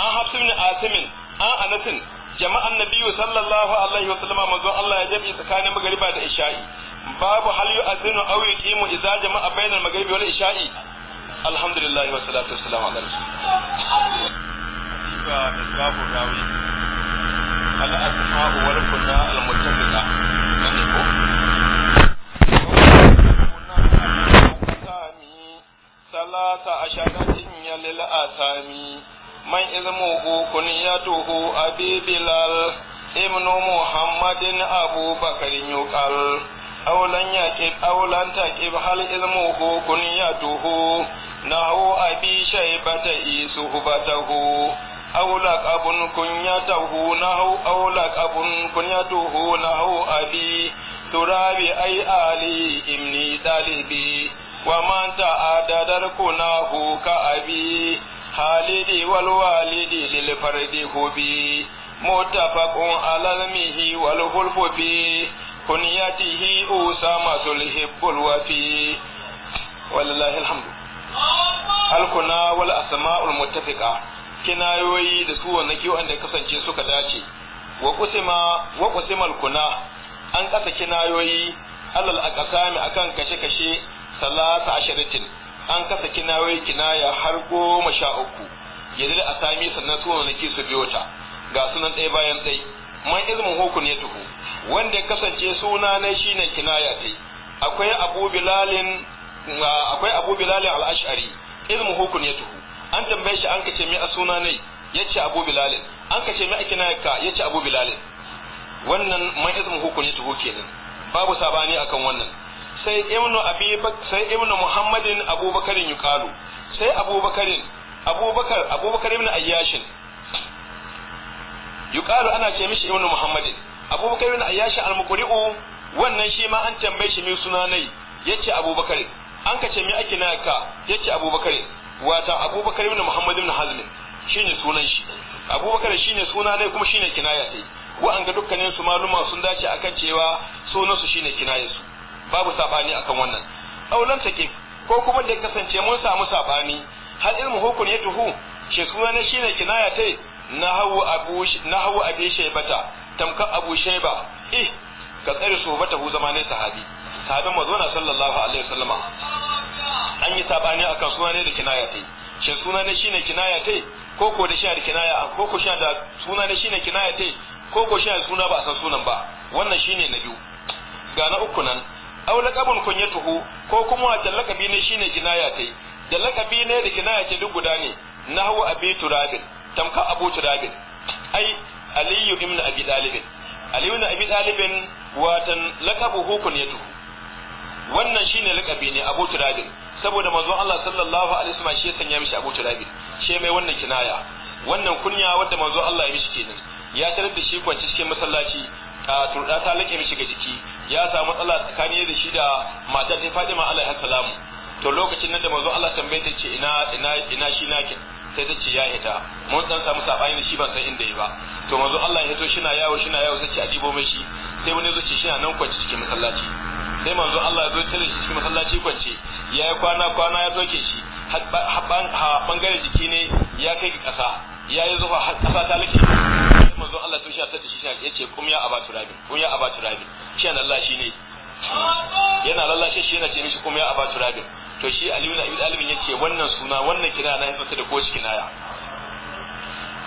[SPEAKER 1] an Hafs ibn Asimin an anasin jama'an nabiyyu sallallahu alaihi wa sallama manzo Allah ya jabi tsakanin magariba da isha'i babu hal yu'adhinu aw yuqimu idza jama'a bainal maghribi wal isha'i alhamdulillah wa salatu wassalamu ala
[SPEAKER 2] rasulillah
[SPEAKER 1] ثلاث عشرة للآثام من اسمه كنيته أبي بلال ابن محمد أبو بكر يقال أو لن يكب أو لن تكب هل اسمه كنيته نهو أبي شيبة صحبته أو لقب كنيته نهو أو لقب كنيته نهو أبي ترابي أي آلي إمني طالبي ومن تعدد كناه كأبي halidi wal walidi lil fardi hubi muttafaqun ala almihi wal hulfu fi kunyatihi usama sulhibul wafi wallahi alhamdu alkuna wal asma'ul muttafiqa kinayoyi da su wannan kiwon da kasance suka dace wa kusima wa kusimal kuna an kasa kinayoyi alal akasami akan kashe kashe salasa asharatin an kasa kinawai kinaya har goma sha uku yadda a sami sannan su wani ke su biyo ta ga sunan ɗaya bayan ɗai man izmin hukun ya tuhu wanda ya kasance suna na shi ne kinaya ta akwai abu bilalin ah, akwai abu bilalin al'ashari izmin hukun ya tuhu an tambaye shi an kace mai a suna ne ya ce abu bilalin an kace mai a kinaya ka ya ce abu bilalin wannan man izmin hukun ya tuhu kenan babu sabani akan wannan sai ibnu abi sai ibnu muhammadin abubakarin yuqalu sai abubakarin abubakar abubakar ibnu ayyashin yuqalu ana ce mishi ibnu muhammadin abubakar ibnu ayyashi al-muqri'u wannan shi ma an tambaye shi suna sunanai yace abubakar an ka ce me ake na ka yace abubakar wata abubakar ibnu muhammad ibnu hazm shine sunan shi abubakar shine sunanai kuma shine kinaya sai ga dukkanin su maluma sun dace akan cewa sunan su shine kinaya su babu sabani akan wannan aulan take ko kuma da kasance mun samu safani hal ilmu hukun ya tuhu shi suna na shine kinaya tai na hawu abu na hawu abi shaybata tamka abu shayba eh ka tsare bata hu ne sahabi sahabin na sallallahu alaihi wasallama an yi safani akan suna ne da kinaya tai shi suna ne shine kinaya tai ko ko da shahar kinaya ko ko shi da suna ne shine kinaya tai ko ko shahar suna ba a san sunan ba wannan shine na biyu ga na uku nan aw laqabun kunyatuhu ko kuma wancan laqabi ne shine jinaya tai da laqabi ne da jinaya ce duk guda ne nahwu abi turabin tamka abu turabin ai aliyu ibn abi talib aliyu ibn abi talib watan laqabuhu kunyatuhu wannan shine laqabi ne abu turabin saboda manzo Allah sallallahu alaihi wasallam shi ya sanya mishi abu turabin shi mai wannan kinaya wannan kunya wadda manzo Allah ya mishi kenan ya tarar da shi kwanci cikin masallaci a turda ta lake mishi ga jiki ya samu matsala tsakani da shi da matar ta Fatima alaiha salam to lokacin nan da manzo Allah tambaye ta ce ina ina ina shi nake sai ta ce ya hita mun san samu sabani da shi ban san inda yi ba to manzo Allah ya hito shi na yawo shi na yawo sai ce a dibo mai shi sai wani zuci shi na nan kwance cikin masallaci sai manzo Allah ya zo tare shi cikin masallaci kwance ya yi kwana kwana ya doke shi har bangare jiki ne ya kai ga ƙasa ya yi zuwa har ƙasa ta lake manzo Allah to shi ta shi ya ce kum ya abatu rabi kum ya abatu rabi shi an Allah shi ne yana lallashe shi yana ce mishi kuma ya aba turabin to shi aliyu na dalibin ya ce wannan suna wannan kina na hisansa da kowace kinaya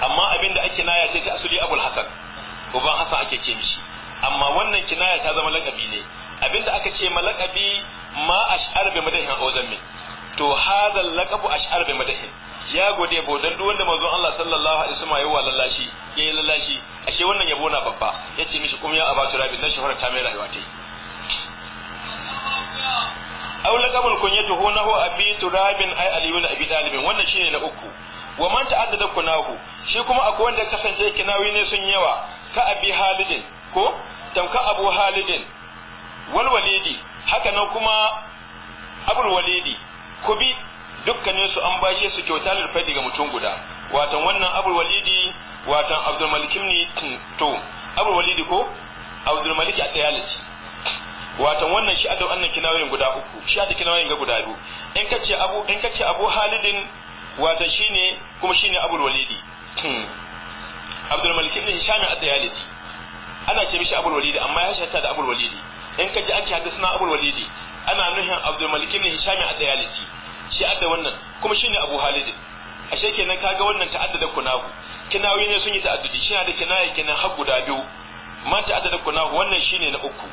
[SPEAKER 1] amma abin da ake naya ce ta asuli abul hasan uban hasan ake ce mishi amma wannan kinaya ta zama lakabi ne abin da aka ce malakabi ma ash'ar bi madahin ozan min to hadha laqabu ash'ar bi madahin ya gode bautar duk wanda manzon Allah sallallahu alaihi wasallam yayi lallashi yayi lallashi ashe wannan yabo na babba yace mishi kuma ya abatu rabi na shahara ta mai rayuwa tai aw laqabul kunyatu hunahu abi turabin ay aliyun abi talibin wannan shine na uku wa man ta'addada kunahu shi kuma akwai wanda kasance kinawi ne sun yawa ka abi halidin ko tamka abu halidin wal walidi haka nan kuma abul walidi kubi dukkanin su an bashe su kyauta lil fadi ga mutum guda watan wannan abul walidi watan abdul malik ne to abul walidi ko abdul malik at-tayalisi watan wannan shi adau annan kinawayin guda uku shi adau kinawayin ga guda biyu in kace abu in kace abu halidin watan shine kuma shine abul walidi abdul malik ne shi a tayalisi ana ce mishi abul walidi amma ya shata da abul walidi in kaji an ce hadisna abul walidi ana nuhin abdul malik ne shi a tayalisi shi adda wannan kuma shi ne abu halid ashe kenan kaga wannan da kunahu kinawi ne sun yi ta'addudi shi da kinaya kenan har guda biyu man da kunahu wannan shi ne na uku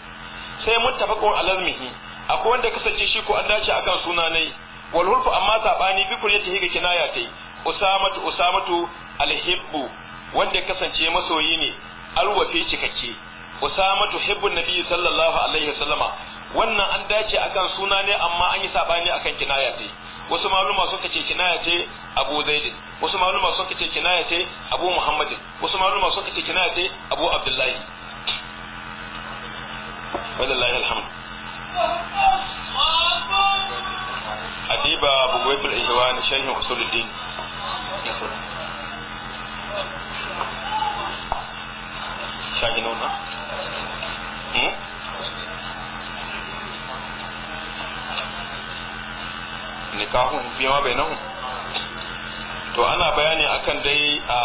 [SPEAKER 1] sai mun kun alalmihi akwai wanda kasance shi ko an dace kan sunanai wal walhulfu amma sabani bi kuryati higa kinaya tai usamatu usamatu alhibbu wanda kasance masoyi ne alwafi cikakke usamatu hibbun nabi sallallahu alaihi wasallama wannan an dace akan suna ne amma an yi sabani akan kinaya ce wasu maluma suka ce kinaya ce abu zaidin wasu maluma suka ce kinaya ce abu muhammadin wasu maluma suka ce kinaya ce abu abdullahi wallahi alhamdu adiba abu bugwaitul ihwan sharhin usuluddin shaginona hmm? nikahun fi ma nahu? to ana bayani akan dai a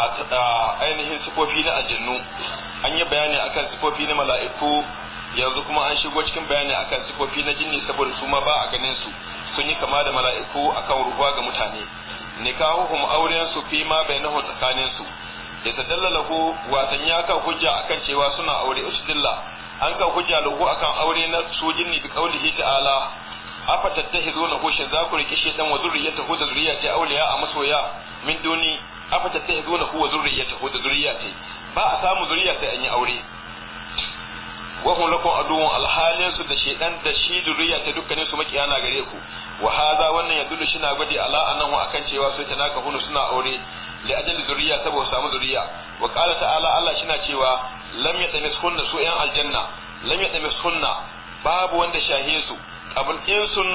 [SPEAKER 1] ainihin sifofi na aljannu an yi bayani akan sifofi na mala'iku yanzu kuma an shigo cikin bayani akan sifofi na jinni saboda su ma ba a ganin su sun yi kama da mala'iku akan ruwa ga mutane nikahuhum auren su fi ma nahu tsakanin su da ta dallala ko watan ya kan hujja akan cewa suna aure usudilla an kan hujja lahu akan aure na su jinni bi kaulihi ta'ala afa riki shaytan wa ba a samu zuriya sai an yi aure wa hum lakum aduwwun alhalin da shaytan da shi zuriya ta dukkanin su makiyana gare ku wa hadha wannan yadullu shina gwadi ala annahu akan cewa tana ka hunu suna aure li zuriya saboda samu zuriya wa ta'ala Allah cewa lam su yan aljanna Lamya yatamis hunna babu wanda shahe su qabl insun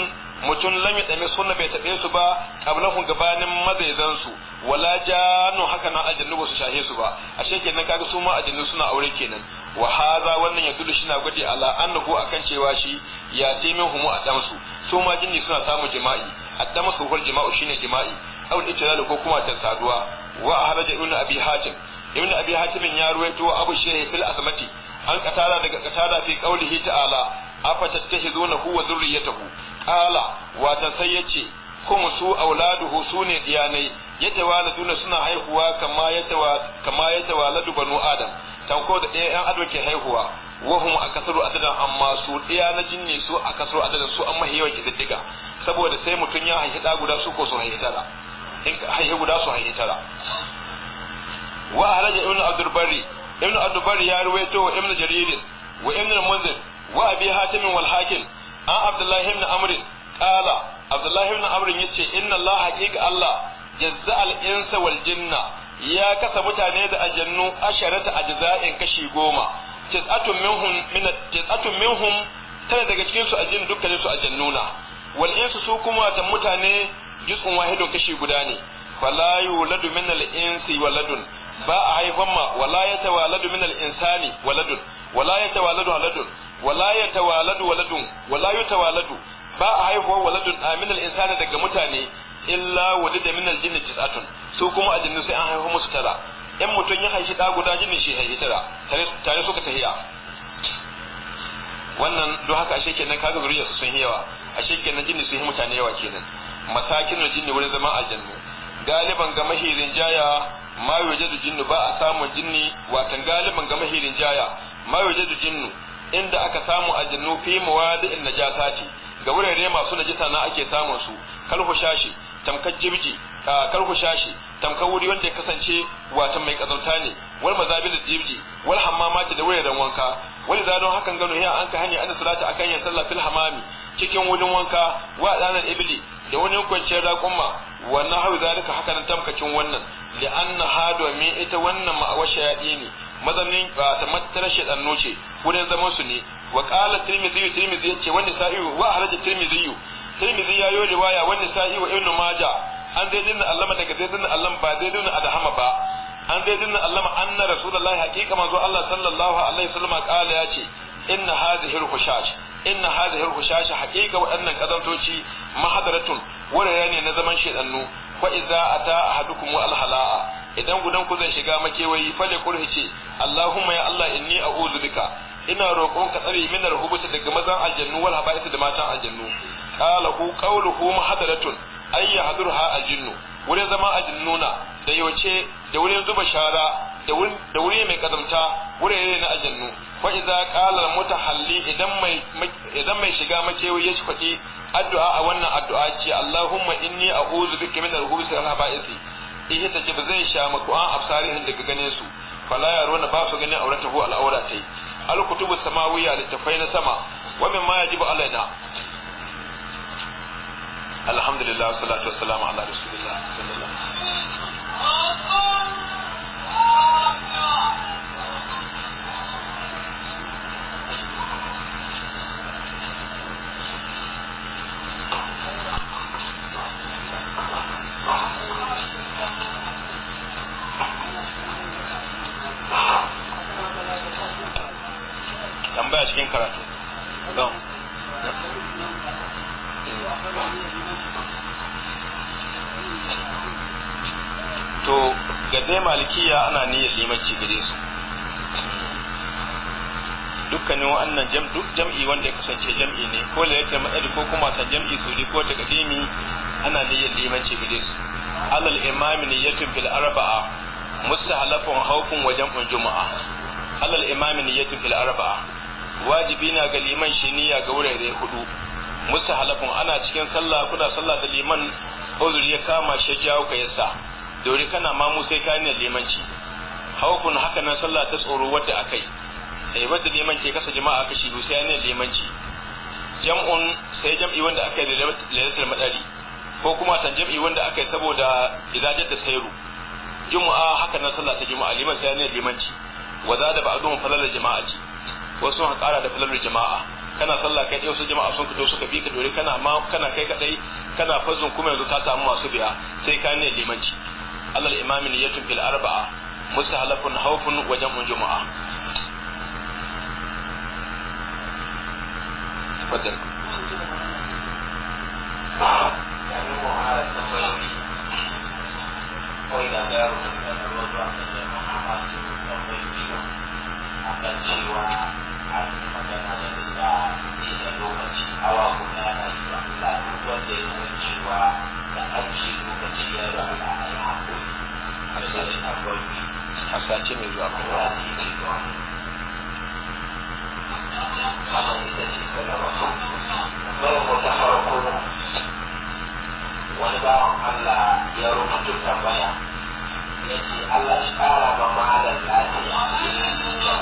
[SPEAKER 1] mutum lam yadami sunna bai taɓe su ba qablahum gabanin mazaizansu wala janu haka na ajallu ba su shahe su ba ashe kenan kaga su ma ajallu suna aure kenan wa hadha wannan yadullu shi na gudi ala annahu akan cewa shi ya taimin humu a dan su su ma jinni suna samun jima'i addama su hul jima'u shine jima'i aw al ko kuma ta saduwa wa ahraja ibn abi hatim ibn abi hatim ya ruwaito abu shehi fil asmati an katara daga katara fi qaulihi ta'ala afatattahizunahu wa zurriyatahu qala wata sai yace kuma su auladuhu sune diyanai yatawaladuna suna haihuwa kama yatawa kama yatawaladu banu adam tanko da ɗaya ɗan adam ke haihuwa wahum a kasaru adadan amma su ɗaya na jinne su a kasaru adadan su an mahi yawan kididdiga saboda sai mutum ya haihi guda su ko su haihi tara in haihi guda su haihi tara wa ahraja ibnu abdul barri ibnu abdul barri ya ruwaito wa ibnu jarir wa ibnu munzir wa abi hatimin wal hakim an abdullahi ibn amr qala abdullahi ibn amr yace inna allah haqiqa allah jazza al insa wal jinna ya kasa mutane da aljannu asharata ajza'in kashi goma tis'atun minhum min tis'atun minhum tana daga cikin su ajin dukkanin su ajannuna wal insu su kuma ta mutane juz'un wahidun kashi guda ne fala yuladu min al insi waladun ba a haifan ma wala yatawaladu min al insani waladun wala yatawaladu waladun wala yatawaladu waladun wala yatawaladu ba a haihuwar waladun aminal insani daga mutane illa da minal jinni tis'atun su kuma a ajinnu sai an haihu musu tara in mutum ya haifi da guda jinin shi haifi tara tare suka tahiya wannan don haka ashe kenan kaga zuriyar su sun yawa ashe kenan jinni sun yi mutane yawa kenan matakin masakin jinni wurin zama aljannu galiban ga mahirin jaya ma yujadu jinnu ba a samun jinni watan galiban ga mahirin jaya ma yujadu jinnu inda aka samu aljannu fi muwadi'in najasati ga wurare masu najisa na ake samun su kalhushashi tamkar jibji kalhushashi tamkar wuri wanda ya kasance watan mai kazauta ne wal mazabil jibji wal hammamati da wuraren wanka wal zadon hakan gano ya an ka hanya an salata akan yin sallah fil hamami cikin wurin wanka wa danar ibli da wani kwanciyar raƙumma wannan hau zalika haka nan tamkacin wannan li'anna ha domin ita wannan ma'awar shayaɗi ne mazanin ta matarar shaɗanno ce wurin zaman su ne wa kala tirmidhi tirmidhi yace wanda sa'iu wa halaja tirmidhi tirmidhi ya yi riwaya wanda sa'iu ibnu maja an zai dinna allama daga zai dinna allama ba zai dinna adahama ba an zai dinna allama anna rasulullahi haqiqa manzo Allah sallallahu alaihi wasallam ƙala yace inna hadhihi al-hushash inna hadhihi al-hushash haqiqa waɗannan kazantoci mahadaratun wurare ne na zaman shaɗannu fa idza ata ahadukum al halaa idan gudan ku zai shiga makewayi fa da kurhice Allahumma ya Allah inni a'udhu bika ina roƙon ka tsare min rubuta daga mazan aljannu wal haba'is da matan aljannu qala hu qawluhu mahadaratun ay yahdurha aljinnu wurin zama aljinnuna da yauce da wurin zuba shara da wurin mai kazamta wurin ne na aljannu fa idza qala mutahalli idan mai idan mai shiga makewayi ya faɗi addu'a a wannan addu'a ce Allahumma inni a'udhu bika min al-khubuthi wal khaba'isi ihe ta ji zai sha maku an absarihin daga ganin su fala yaruna ba su ganin hu al-aura tai al-kutubu samawiyya littafai na sama wa mimma yajibu alaina alhamdulillah wassalatu wassalamu ala rasulillah sallallahu alaihi wasallam khawfin fil arba'a mustahalafun khawfun wajen juma'a alal imami niyyatun fil arba'a wajibi na ga liman shi niyya ga wurare hudu mustahalafun ana cikin sallah kuna sallah da liman uzuri ya kama shi jawo ka yasa dori kana ma mu sai kayan limanci hawkun haka nan sallah ta tsoro wadda akai sai eh, wanda liman ke kasa jama'a kashi biyu sai ne limanci jam'un sai jam'i wanda akai da lailatul madari ko kuma tan jam'i wanda aka yi saboda idajat da sairu juma'a haka na sallah ta juma'a liman sai ne limanci wa zada falalar jama'a jama'ati wasu sun kara da falal jama'a kana sallah kai wasu jama'a sun fito suka bi ka dore kana ma kana kai kadai kana fazun kuma yanzu ka samu masu biya sai ka ne limanci alal imami niyyatun fil arba'a mustahalafun haufun wajen jam'un juma'a
[SPEAKER 2] تفضل wani bawan Allah ya rubuta tambaya Allah shi kara ma malam lafiya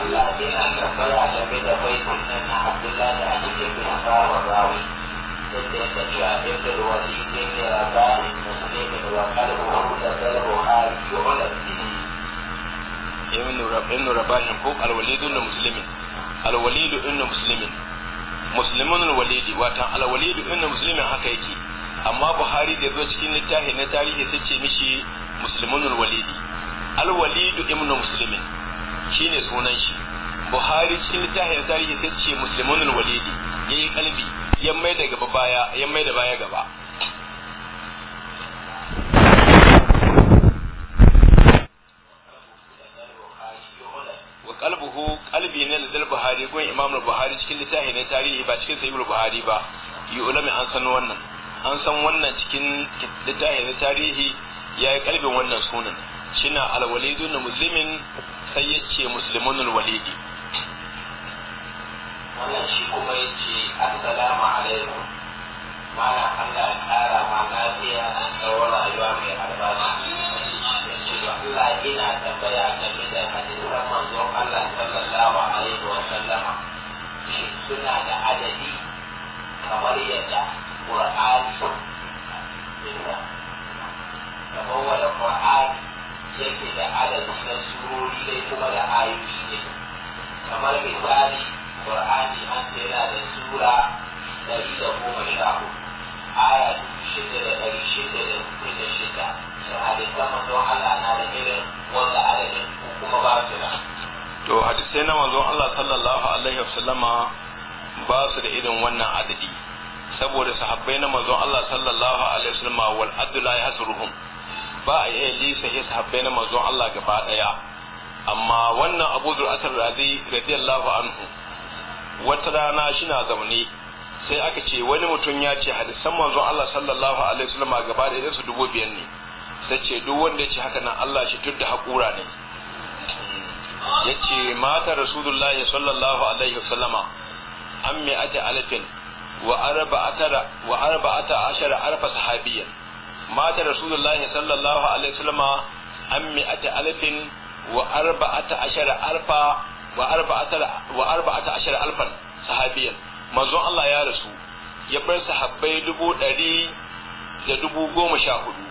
[SPEAKER 2] Allah ina tambaya game da baitul nan na Abdullahi da Abdullahi bin Abbas rawi yadda ya tafi a ibn al-Walid bin Rabah muslim wa qalbuhu da qalbuhu yu'lam
[SPEAKER 1] ابن رباح كوب الوليد ابن مسلم الوليد ابن مسلم مسلمون الوليد واتن الوليد ابن مسلم haka yake amma Buhari da zo cikin littafi na tarihi sai ce mishi muslimunul walidi alwalidu ابن مسلم shine sunan shi buhari cikin littafin tarihi sai ce الوليد يي قلبي ya mai da gaba mai da baya gaba wa qalbuhu qalbi ne da buhari gon imam buhari cikin littafin ne tarihi ba cikin yi ulama an san wannan an san wannan cikin littafin tarihi yayi kalbin wannan sunan shina alwalidu na muslimin sai ya ce musulmin alwalidi
[SPEAKER 2] wannan shi kuma ya ce assalamu alaikum mana Allah ya kara ma lafiya da tsawon rayuwa mai albarka ya ce ba Allah ina tambaya game da hadisan manzon Allah sallallahu alaihi wa sallama shi suna da adadi kamar yadda Qur'ani kamar wanda Qur'ani yake da adadi na surori ne kuma da ayoyi ne kamar misali qur'ani an ce da sura dari da goma sha hudu aya dubu shida da dari shida da dubu da shida da hadisan manzon Allah na da irin wanda adadin ko kuma ba su da
[SPEAKER 1] to hadisai na manzon Allah sallallahu alaihi wasallama ba su da irin wannan adadi saboda sahabbai na manzon Allah sallallahu alaihi wasallama wal adla yasruhum ba a iya lisa ya sahabbai na manzon Allah gaba daya amma wannan Abu Dhur Asad radiyallahu anhu wata rana shina zaune sai aka ce wani mutum ya ce hadisan manzon Allah sallallahu alaihi wasallam gaba daya su dubu biyar ne sai ce duk wanda ya ce haka nan Allah shi tudda hakura ne ya ce mata rasulullahi sallallahu alaihi wasallama an mi'ati alifin wa arba'ata wa arba'ata ashara arfa sahabiyyan mata rasulullahi sallallahu alaihi wasallam an mi'ata alfin wa arba'ata ashara alfa wa arba'ata wa arba'ata ashara alfan sahabiyan manzon Allah ya rasu ya bar sahabbai dubu ɗari da dubu goma sha hudu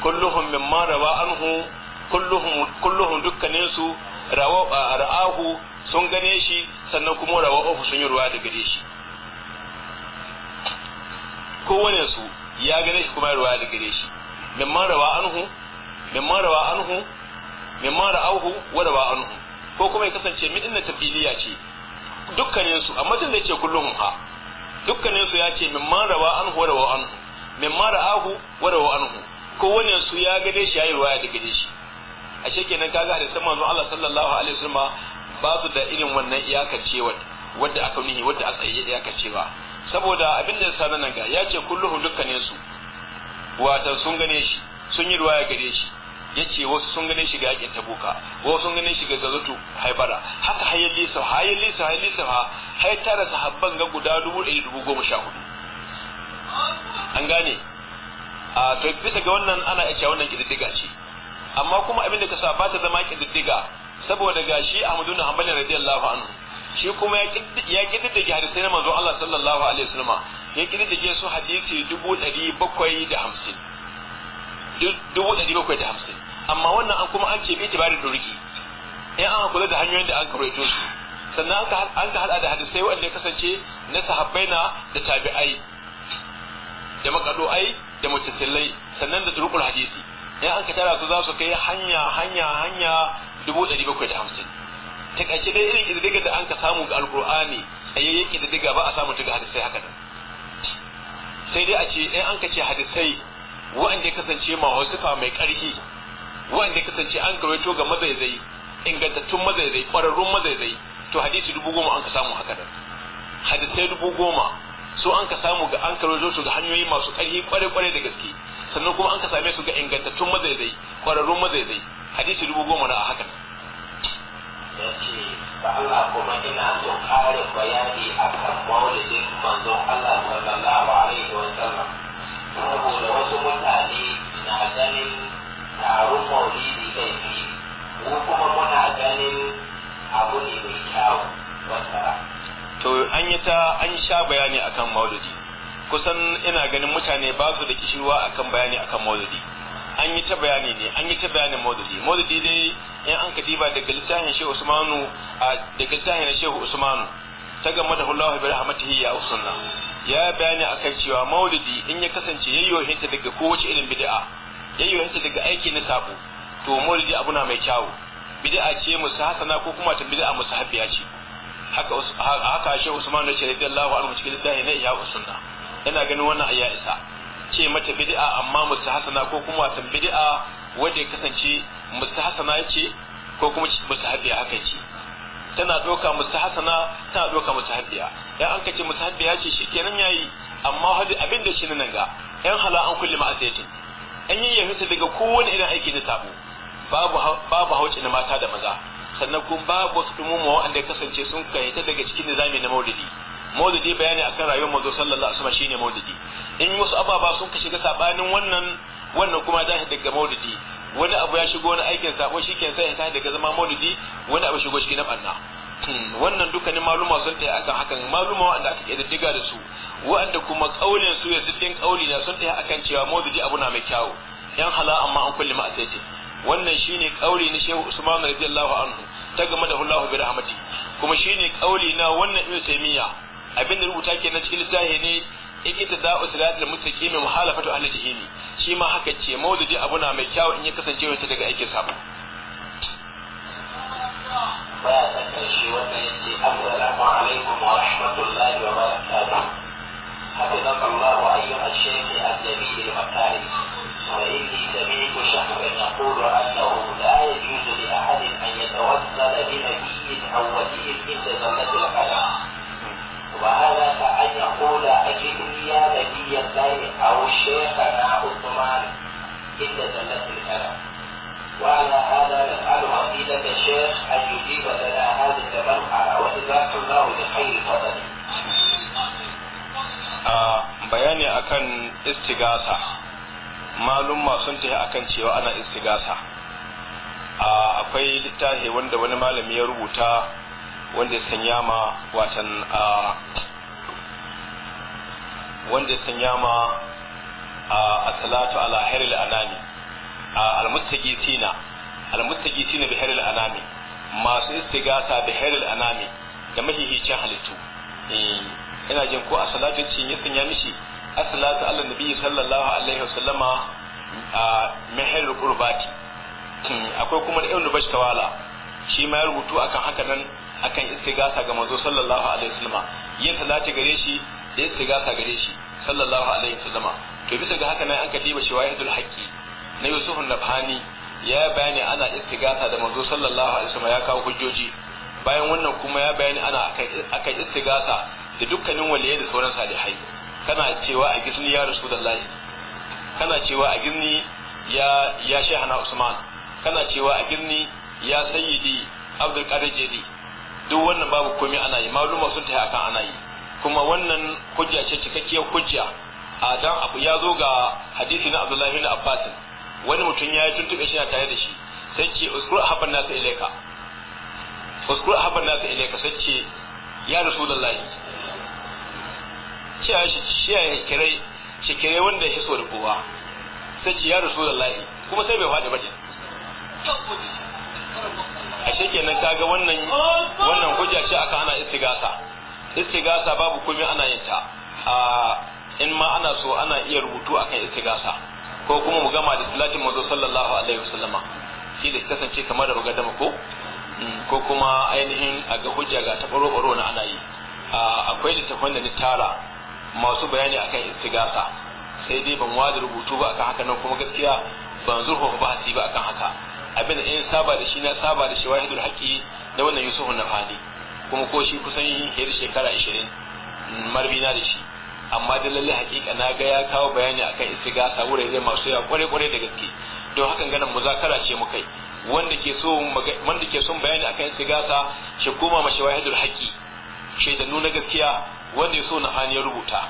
[SPEAKER 1] kulluhum mimma rawa anhu kulluhum kulluhum dukkanin ra'ahu sun gane shi sannan kuma rawa sun yi ruwa da gare shi kowane su ya gane shi kuma ruwa da gare shi mimman rawa anhu mimman rawa anhu mimman ra'ahu wa rawa anhu ko kuma ya kasance min inna tafiliya ce dukkanin su amma tun da yake kullum ha dukkanin su ya ce mimman rawa anhu wa rawa anhu mimman ra'ahu wa rawa anhu ko wani su ya gane shi yayi ruwa da gare shi a shekenan kaga hadisan manzo Allah sallallahu alaihi wasallam ba su da irin wannan iyakar cewa wadda aka nihi wadda aka yi iyakar cewa saboda abin da ya sami nan ga ya ce kulluhu dukkanin su wata sun gane shi sun yi ya gare shi ya ce wasu sun gane shi ga yakin tabuka wasu sun gane shi ga gazutu haibara haka hayar lisa hayar lisa hayar lisa ha hai tara sahabban ga guda dubu ɗaya dubu goma sha hudu an gane a to bisa ga wannan ana iya wannan kididdiga ce amma kuma abin da ka sa ba ta zama kididdiga saboda gashi Ahmadu bin Hanbal radiyallahu anhu shi kuma ya kididdige hadisai na manzo Allah sallallahu alaihi wasallam ya su hadisi dubu ɗari bakwai da hamsin dubu ɗari bakwai da hamsin amma wannan an kuma an ce bai in an kula da hanyoyin da an karoito su sannan an ka hada hadisai ya kasance na sahabbai na da tabi'ai da makadu'ai da mutasilai sannan da turukul hadisi in an ka tara su za su kai hanya hanya hanya dubu ɗari bakwai da hamsin takaice dai irin kididdiga da an ka samu ga alkur'ani tsayayyen kididdiga ba a samu ta ga hadisai haka nan sai dai a ce in an ka ce hadisai wa'anda ya kasance ma wasifa mai ƙarfi wa'anda ya kasance an karwaito ga mazaizai ingantattun mazaizai kwararrun mazaizai to hadisi dubu goma an ka samu haka nan hadisai dubu goma so an ka samu ga an karwaito su ga hanyoyi masu ƙarfi ƙware-ƙware da gaske sannan kuma an ka same su ga ingantattun mazaizai kwararrun mazaizai hadisi dubu goma na a haka nan
[SPEAKER 2] ya ce da Allah kuma ina so kare bayani akan maulidin manzon Allah sallallahu alaihi wa sallam da wasu mutane na ganin taron maulidi laifi mu kuma muna ganin abu ne mai kyau
[SPEAKER 1] wasara to an yi ta an sha bayani akan maulidi kusan ina ganin mutane ba su da kishirwa akan bayani akan maulidi an yi ta bayani ne an yi ta bayanin maududi maududi dai in an ka diba daga littafin shehu usmanu daga littafin shehu usmanu ta gama da hullahu bi rahmatihi ya usunna ya bayani akan cewa maududi in ya kasance yayyohinta daga kowace irin bid'a yayyohinta daga aiki na sabo to maududi abu na mai kyawu bid'a ce musu hasana ko kuma ta bid'a musu habiya ce haka haka shehu usmanu ya ce radiyallahu anhu cikin littafin na iya usunna yana ganin wannan ayya isa ce mata bid'a amma hasana ko kuma Wasan bid'a wanda ya kasance ya ce ko kuma mustahabbiya aka ce tana musu hasana tana musu mustahabbiya ya an kace ya ce shi kenan ya yi amma hadi abin da shi nan ga yan hala an ma'a sai an yi yahuta daga kowane irin aiki na sabo babu hauci na mata da maza sannan kuma babu wasu dumuma wanda kasance sun kayyata daga cikin nizami na maulidi maulidi bayani akan rayuwar manzo sallallahu alaihi wasallam shine maulidi in wasu ababa sun ka shiga sabanin wannan wannan kuma tashi daga maulidi wani abu ya shigo wani aikin sabo shi kenan sai ya tashi daga zama maulidi wani abu shigo shi na banna hmm, wannan dukkanin maluma sun taya akan hakan maluma wanda aka diga da su wanda kuma kaulin su ya ziddin kauli na sun taya akan cewa maulidi abu na mai kyawu yan hala amma an kulli ma'asaitin wannan shine kauli na Shehu Usman radiyallahu anhu ta game da Allahu bi rahmati kuma shine kauli na wannan Ibn Taymiyyah abinda rubuta kenan cikin lissafi ne in ittida'u siratal mustaqim muhalafatu ahli jahimi shi ma haka ce maulidi abuna mai kyau in ya kasance wata daga aikin sabo
[SPEAKER 2] baya sakan shi wannan yace assalamu alaikum wa rahmatullahi wa barakatuh وهذا كأن يقول أجد يا نبي الله أو شيخنا عثمان إن زلت الألم وعلى هذا نسأل فضيلة الشيخ أن يجيب لنا هذه المرحلة وجزاك الله بخير فضله.
[SPEAKER 1] bayani akan istigasa malumma sun tafi akan cewa ana istigasa akwai littafi wanda wani malami ya rubuta wanda ya sanya ma watan wanda ya sanya ma a salatu ala haril anami almuttaqi sina almuttaqi sina bi haril anami masu istigata bi haril anami da mahihicin halittu eh, ina jin ko a salatu cin ya sanya mishi a salatu ala nabi sallallahu alaihi wasallama a mihal kurbati hmm, akwai kuma da da bashi tawala shi ma ya rubutu akan haka nan akan istigata ga manzo sallallahu alaihi wasallama yin salati gare shi da istigata gare shi sallallahu alaihi wasallama to bisa ga haka nan an ka diba shawahidul haqqi na yusuf nabhani ya bayani ana istigasa da manzo sallallahu alaihi wasallama ya kawo hujjoji bayan wannan kuma ya bayani ana akan istigasa da dukkanin waliyai da sauran salihai kana cewa a gizni ya rasulullahi kana cewa a gizni ya ya shehana usman kana cewa a gizni ya sayyidi abdul qadir jeli duk wannan babu komai ana yi maluma sun tafi akan ana yi kuma wannan hujja ce cikakkiyar hujja a dan abu ya zo ga hadisi na Abdullahi bin Abbas wani mutum ya yi tuntube shi tare da shi sai ce uskur haban nasu ilaika uskur haban nasu ilaika sai ce ya rasulullahi ce shi shi ya kire shi kire wanda ya so da kowa sai ce ya rasulullahi kuma sai bai fada a ashe kenan kaga wannan wannan hujja ce aka hana istigasa istigasa babu komai ana yin ta a in ma ana so ana iya rubutu akan istigasa ko kuma mu gama da salatin manzo sallallahu alaihi wasallama shi da kasance kamar da bagadama ko
[SPEAKER 2] mm,
[SPEAKER 1] ko kuma ainihin a ga hujja ga tabaro na ana yi akwai littafin da ni tara masu bayani akan istigasa sai dai ban wada rubutu ba akan haka nan kuma gaskiya ban zurfa ba ba akan haka abin da in saba da shi na saba da shi wahidul haqi da wannan yusufu na fadi kuma ko shi kusan yin da shekara ashirin mm, marbina da shi amma da lalle hakika na ga ya kawo bayani akan istigasa wurare masu yawa kware kware da gaske don hakan ganin muzakara ce mu kai wanda ke so wanda ke son bayani akan istigasa shi koma mashi wahidul haqi shaidannu na gaskiya wanda ya so na ya rubuta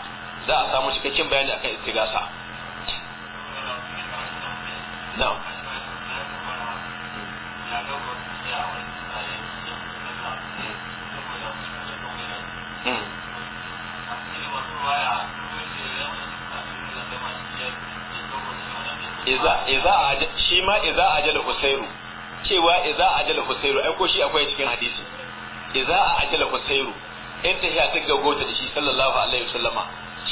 [SPEAKER 1] za a samu cikakken bayani akan istigasa na'am husairu cewa idza ajala husairu ai ko shi akwai cikin hadisi idza ajala husairu in tahiya ta gaggauta da shi sallallahu alaihi wasallama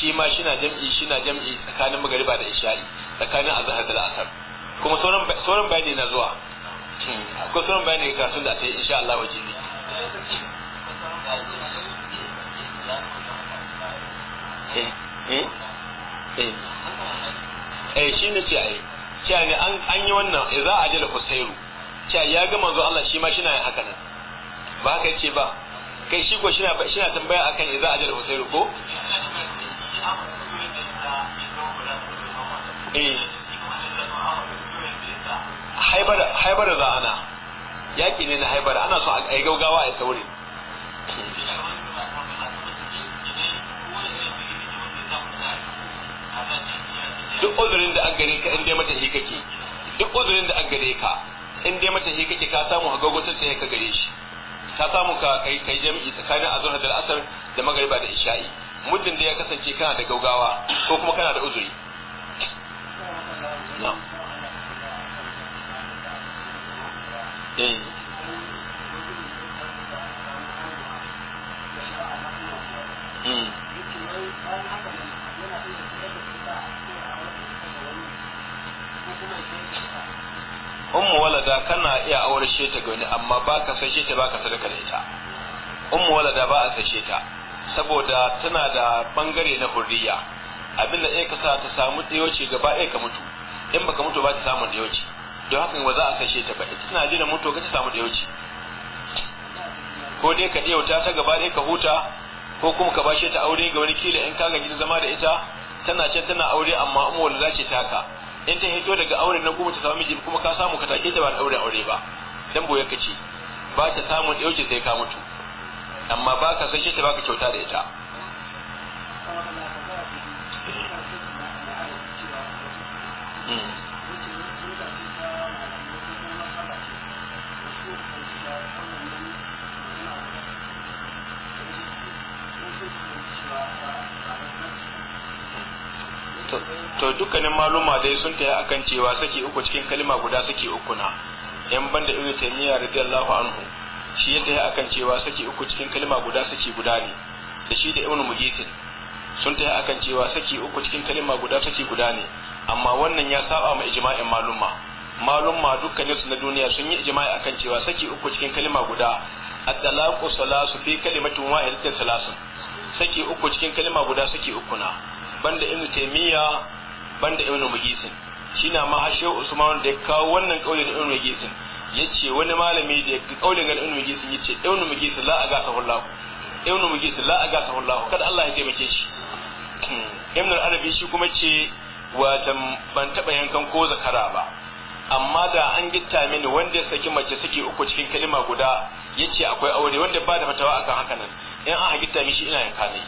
[SPEAKER 1] shi ma shina jam'i shina jam'i tsakanin magariba da isha'i tsakanin azhar da asar kuma sauran sauran bayani na zuwa akwai sauran bayani ga karatun da ta yi insha Allah wajibi eh, eh eh eh shi ne ce ai cewa ne an yi wannan idza ajala husairu cewa ya ga manzo Allah shi ma shi na yin haka nan ba haka ce ba kai shi ko shina shina tambaya akan idza ajala husairu ko eh haibar za ana yaki ne na haibar ana so a gaugawa a saurin
[SPEAKER 2] duk uzurin da an gare ka in dai
[SPEAKER 1] mata shi kake duk uzurin da an gare ka in dai mata shi kake ka samu agogo gogo sai ka gare shi ka samu ka kai kai jami'i tsakanin azhar da asar da magariba da isha'i muddin da ya kasance kana da gaugawa ko kuma kana da uzuri na'am eh ummu walada kana iya aure she ta gani amma ba ka sai she ta ba ka sadaka da ita ummu walada ba a sai ta saboda tana da bangare na hurriya abinda da ka sa ta samu dayoci gaba ɗaya ka mutu in baka mutu ba ta samu dayoci don haka ba za a sai ta ba ita tana jira mutu ka ta samu dayoci ko dai ka wuta ta gaba ɗaya ka huta ko kuma ka bashe ta aure ga wani kila in ka gaji zama da ita tana can tana aure amma ummu walada ce taka in ta hito daga auren na kuma ta samu miji kuma ka samu ka take ta ba aure aure ba dan boye kace ba ta samu dauke sai ka mutu amma ba ka sake ta ba kyauta da ita to dukkanin maluma dai sun taya akan cewa saki uku cikin kalma guda saki uku na yan banda ibnu taymiya radiyallahu anhu shi ya taya akan cewa saki uku cikin kalma guda saki guda ne da shi da ibnu mujitin sun taya akan cewa saki uku cikin kalma guda saki guda ne amma wannan ya saba ma ijma'in maluma maluma dukkanin su na duniya sun yi ijma'i akan cewa saki uku cikin kalma guda at-talaqu salasu fi kalimatin wahidatin salasun saki uku cikin kalma guda saki uku na banda ibnu taymiya banda ibn mugisin shi na ma hashe usman da ya kawo wannan kaulin ibn mugisin ya ce wani malami da ya kaulin ga ibn mugisin ya ce ibn mugisin la aga gasa hullahu ibn mugisin la aga gasa hullahu kada Allah ya taimake shi ibn al-arabi shi kuma ce watan ban taba yankan ko zakara ba amma da an gitta mini wanda ya saki mace suke uku cikin kalima guda yace akwai aure wanda ba da fatawa akan haka nan in an gitta mishi ina yanka ne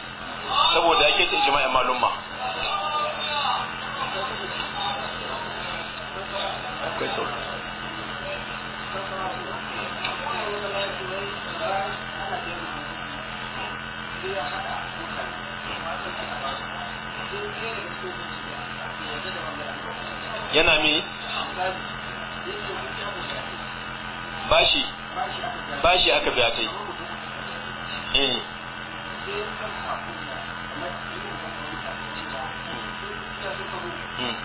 [SPEAKER 2] saboda yake ce jama'a malumma questo. yana mi? bashi bashi aka biya ta yi eh Mm.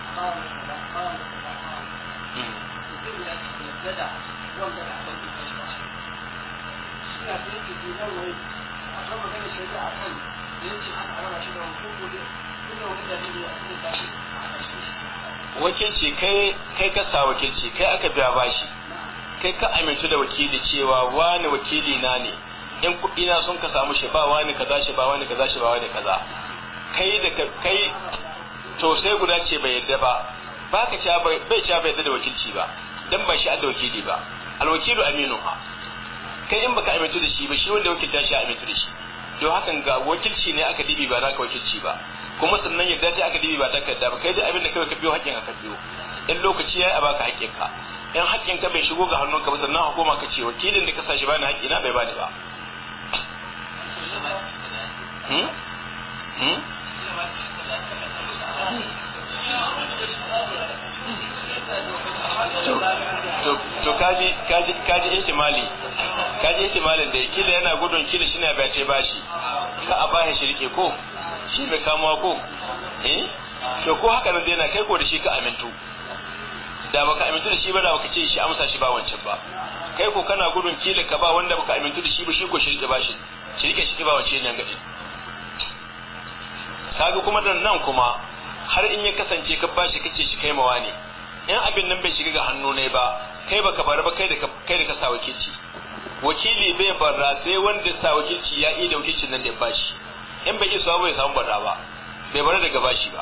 [SPEAKER 1] wakilci kai kai ka sa wakilci kai aka biya bashi kai ka amintu da wakili cewa wani wakili na ne in kuɗi na sun ka samu shi ba wani kaza shi ba wani kaza shi ba wani kaza kai da kai to sai guda ce bai yadda ba ba ka cewa bai cewa bai da wakilci ba dan ba shi da wakili ba alwakilu aminu ha kai in baka aminta da shi ba shi wanda wakilta shi amintu da shi don hakan ga wakilci ne aka dibi ba naka wakilci ba kuma sannan yadda ta aka dibi ba ta kadda ba kai da abin da kai ka biyo hakkin ka biyo in lokaci yayi a baka hakkin ka in hakkin ka bai shigo ga ka ba sannan hukuma ka ce wakilin da ka sa shi bani hakki na bai bani ba hmm hmm
[SPEAKER 2] to kaji kaji kaji ihtimali
[SPEAKER 1] kaji ihtimalin da kila yana gudun kila shi na bace bashi ka a bashi shirke ko shi bai kamuwa ko eh to ko haka nan dai na kai ko da shi ka amintu da baka amintu da shi ba da baka ce shi amsa shi ba wancan ba kai ko kana gudun kila ka ba wanda baka amintu da shi ba shi ko shirke bashi shirke shi ba wancan nan gaji kaga kuma da nan kuma har in ya kasance ka bashi kace shi kaimawa ne in abin nan bai shiga ga hannu ne ba kai baka bari ba kai da kai da ka sa wakilci wakili bai barra sai wanda sa wakilci ya yi da wakilcin nan da ya bashi in bai isa bai samu barra ba bai bari daga bashi ba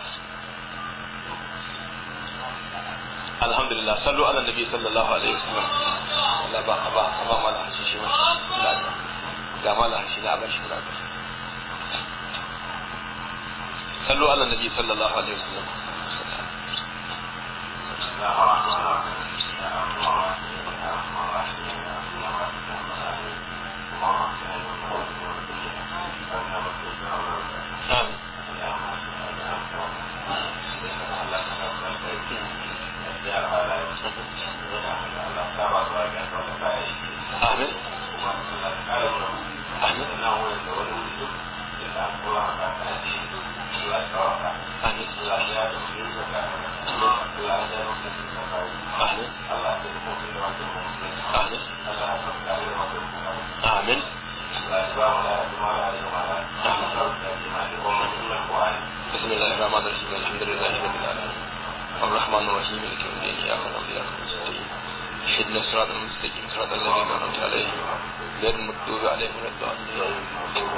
[SPEAKER 1] alhamdulillah sallu ala nabi sallallahu alaihi wasallam Allah ba ba ba mala hashi shi ga mala hashi da abashi da sallu ala nabi sallallahu alaihi wasallam
[SPEAKER 2] Uh, uh, uh, uh, uh, uh. الذي باركت عليه غير المكتوب عليه من الضالين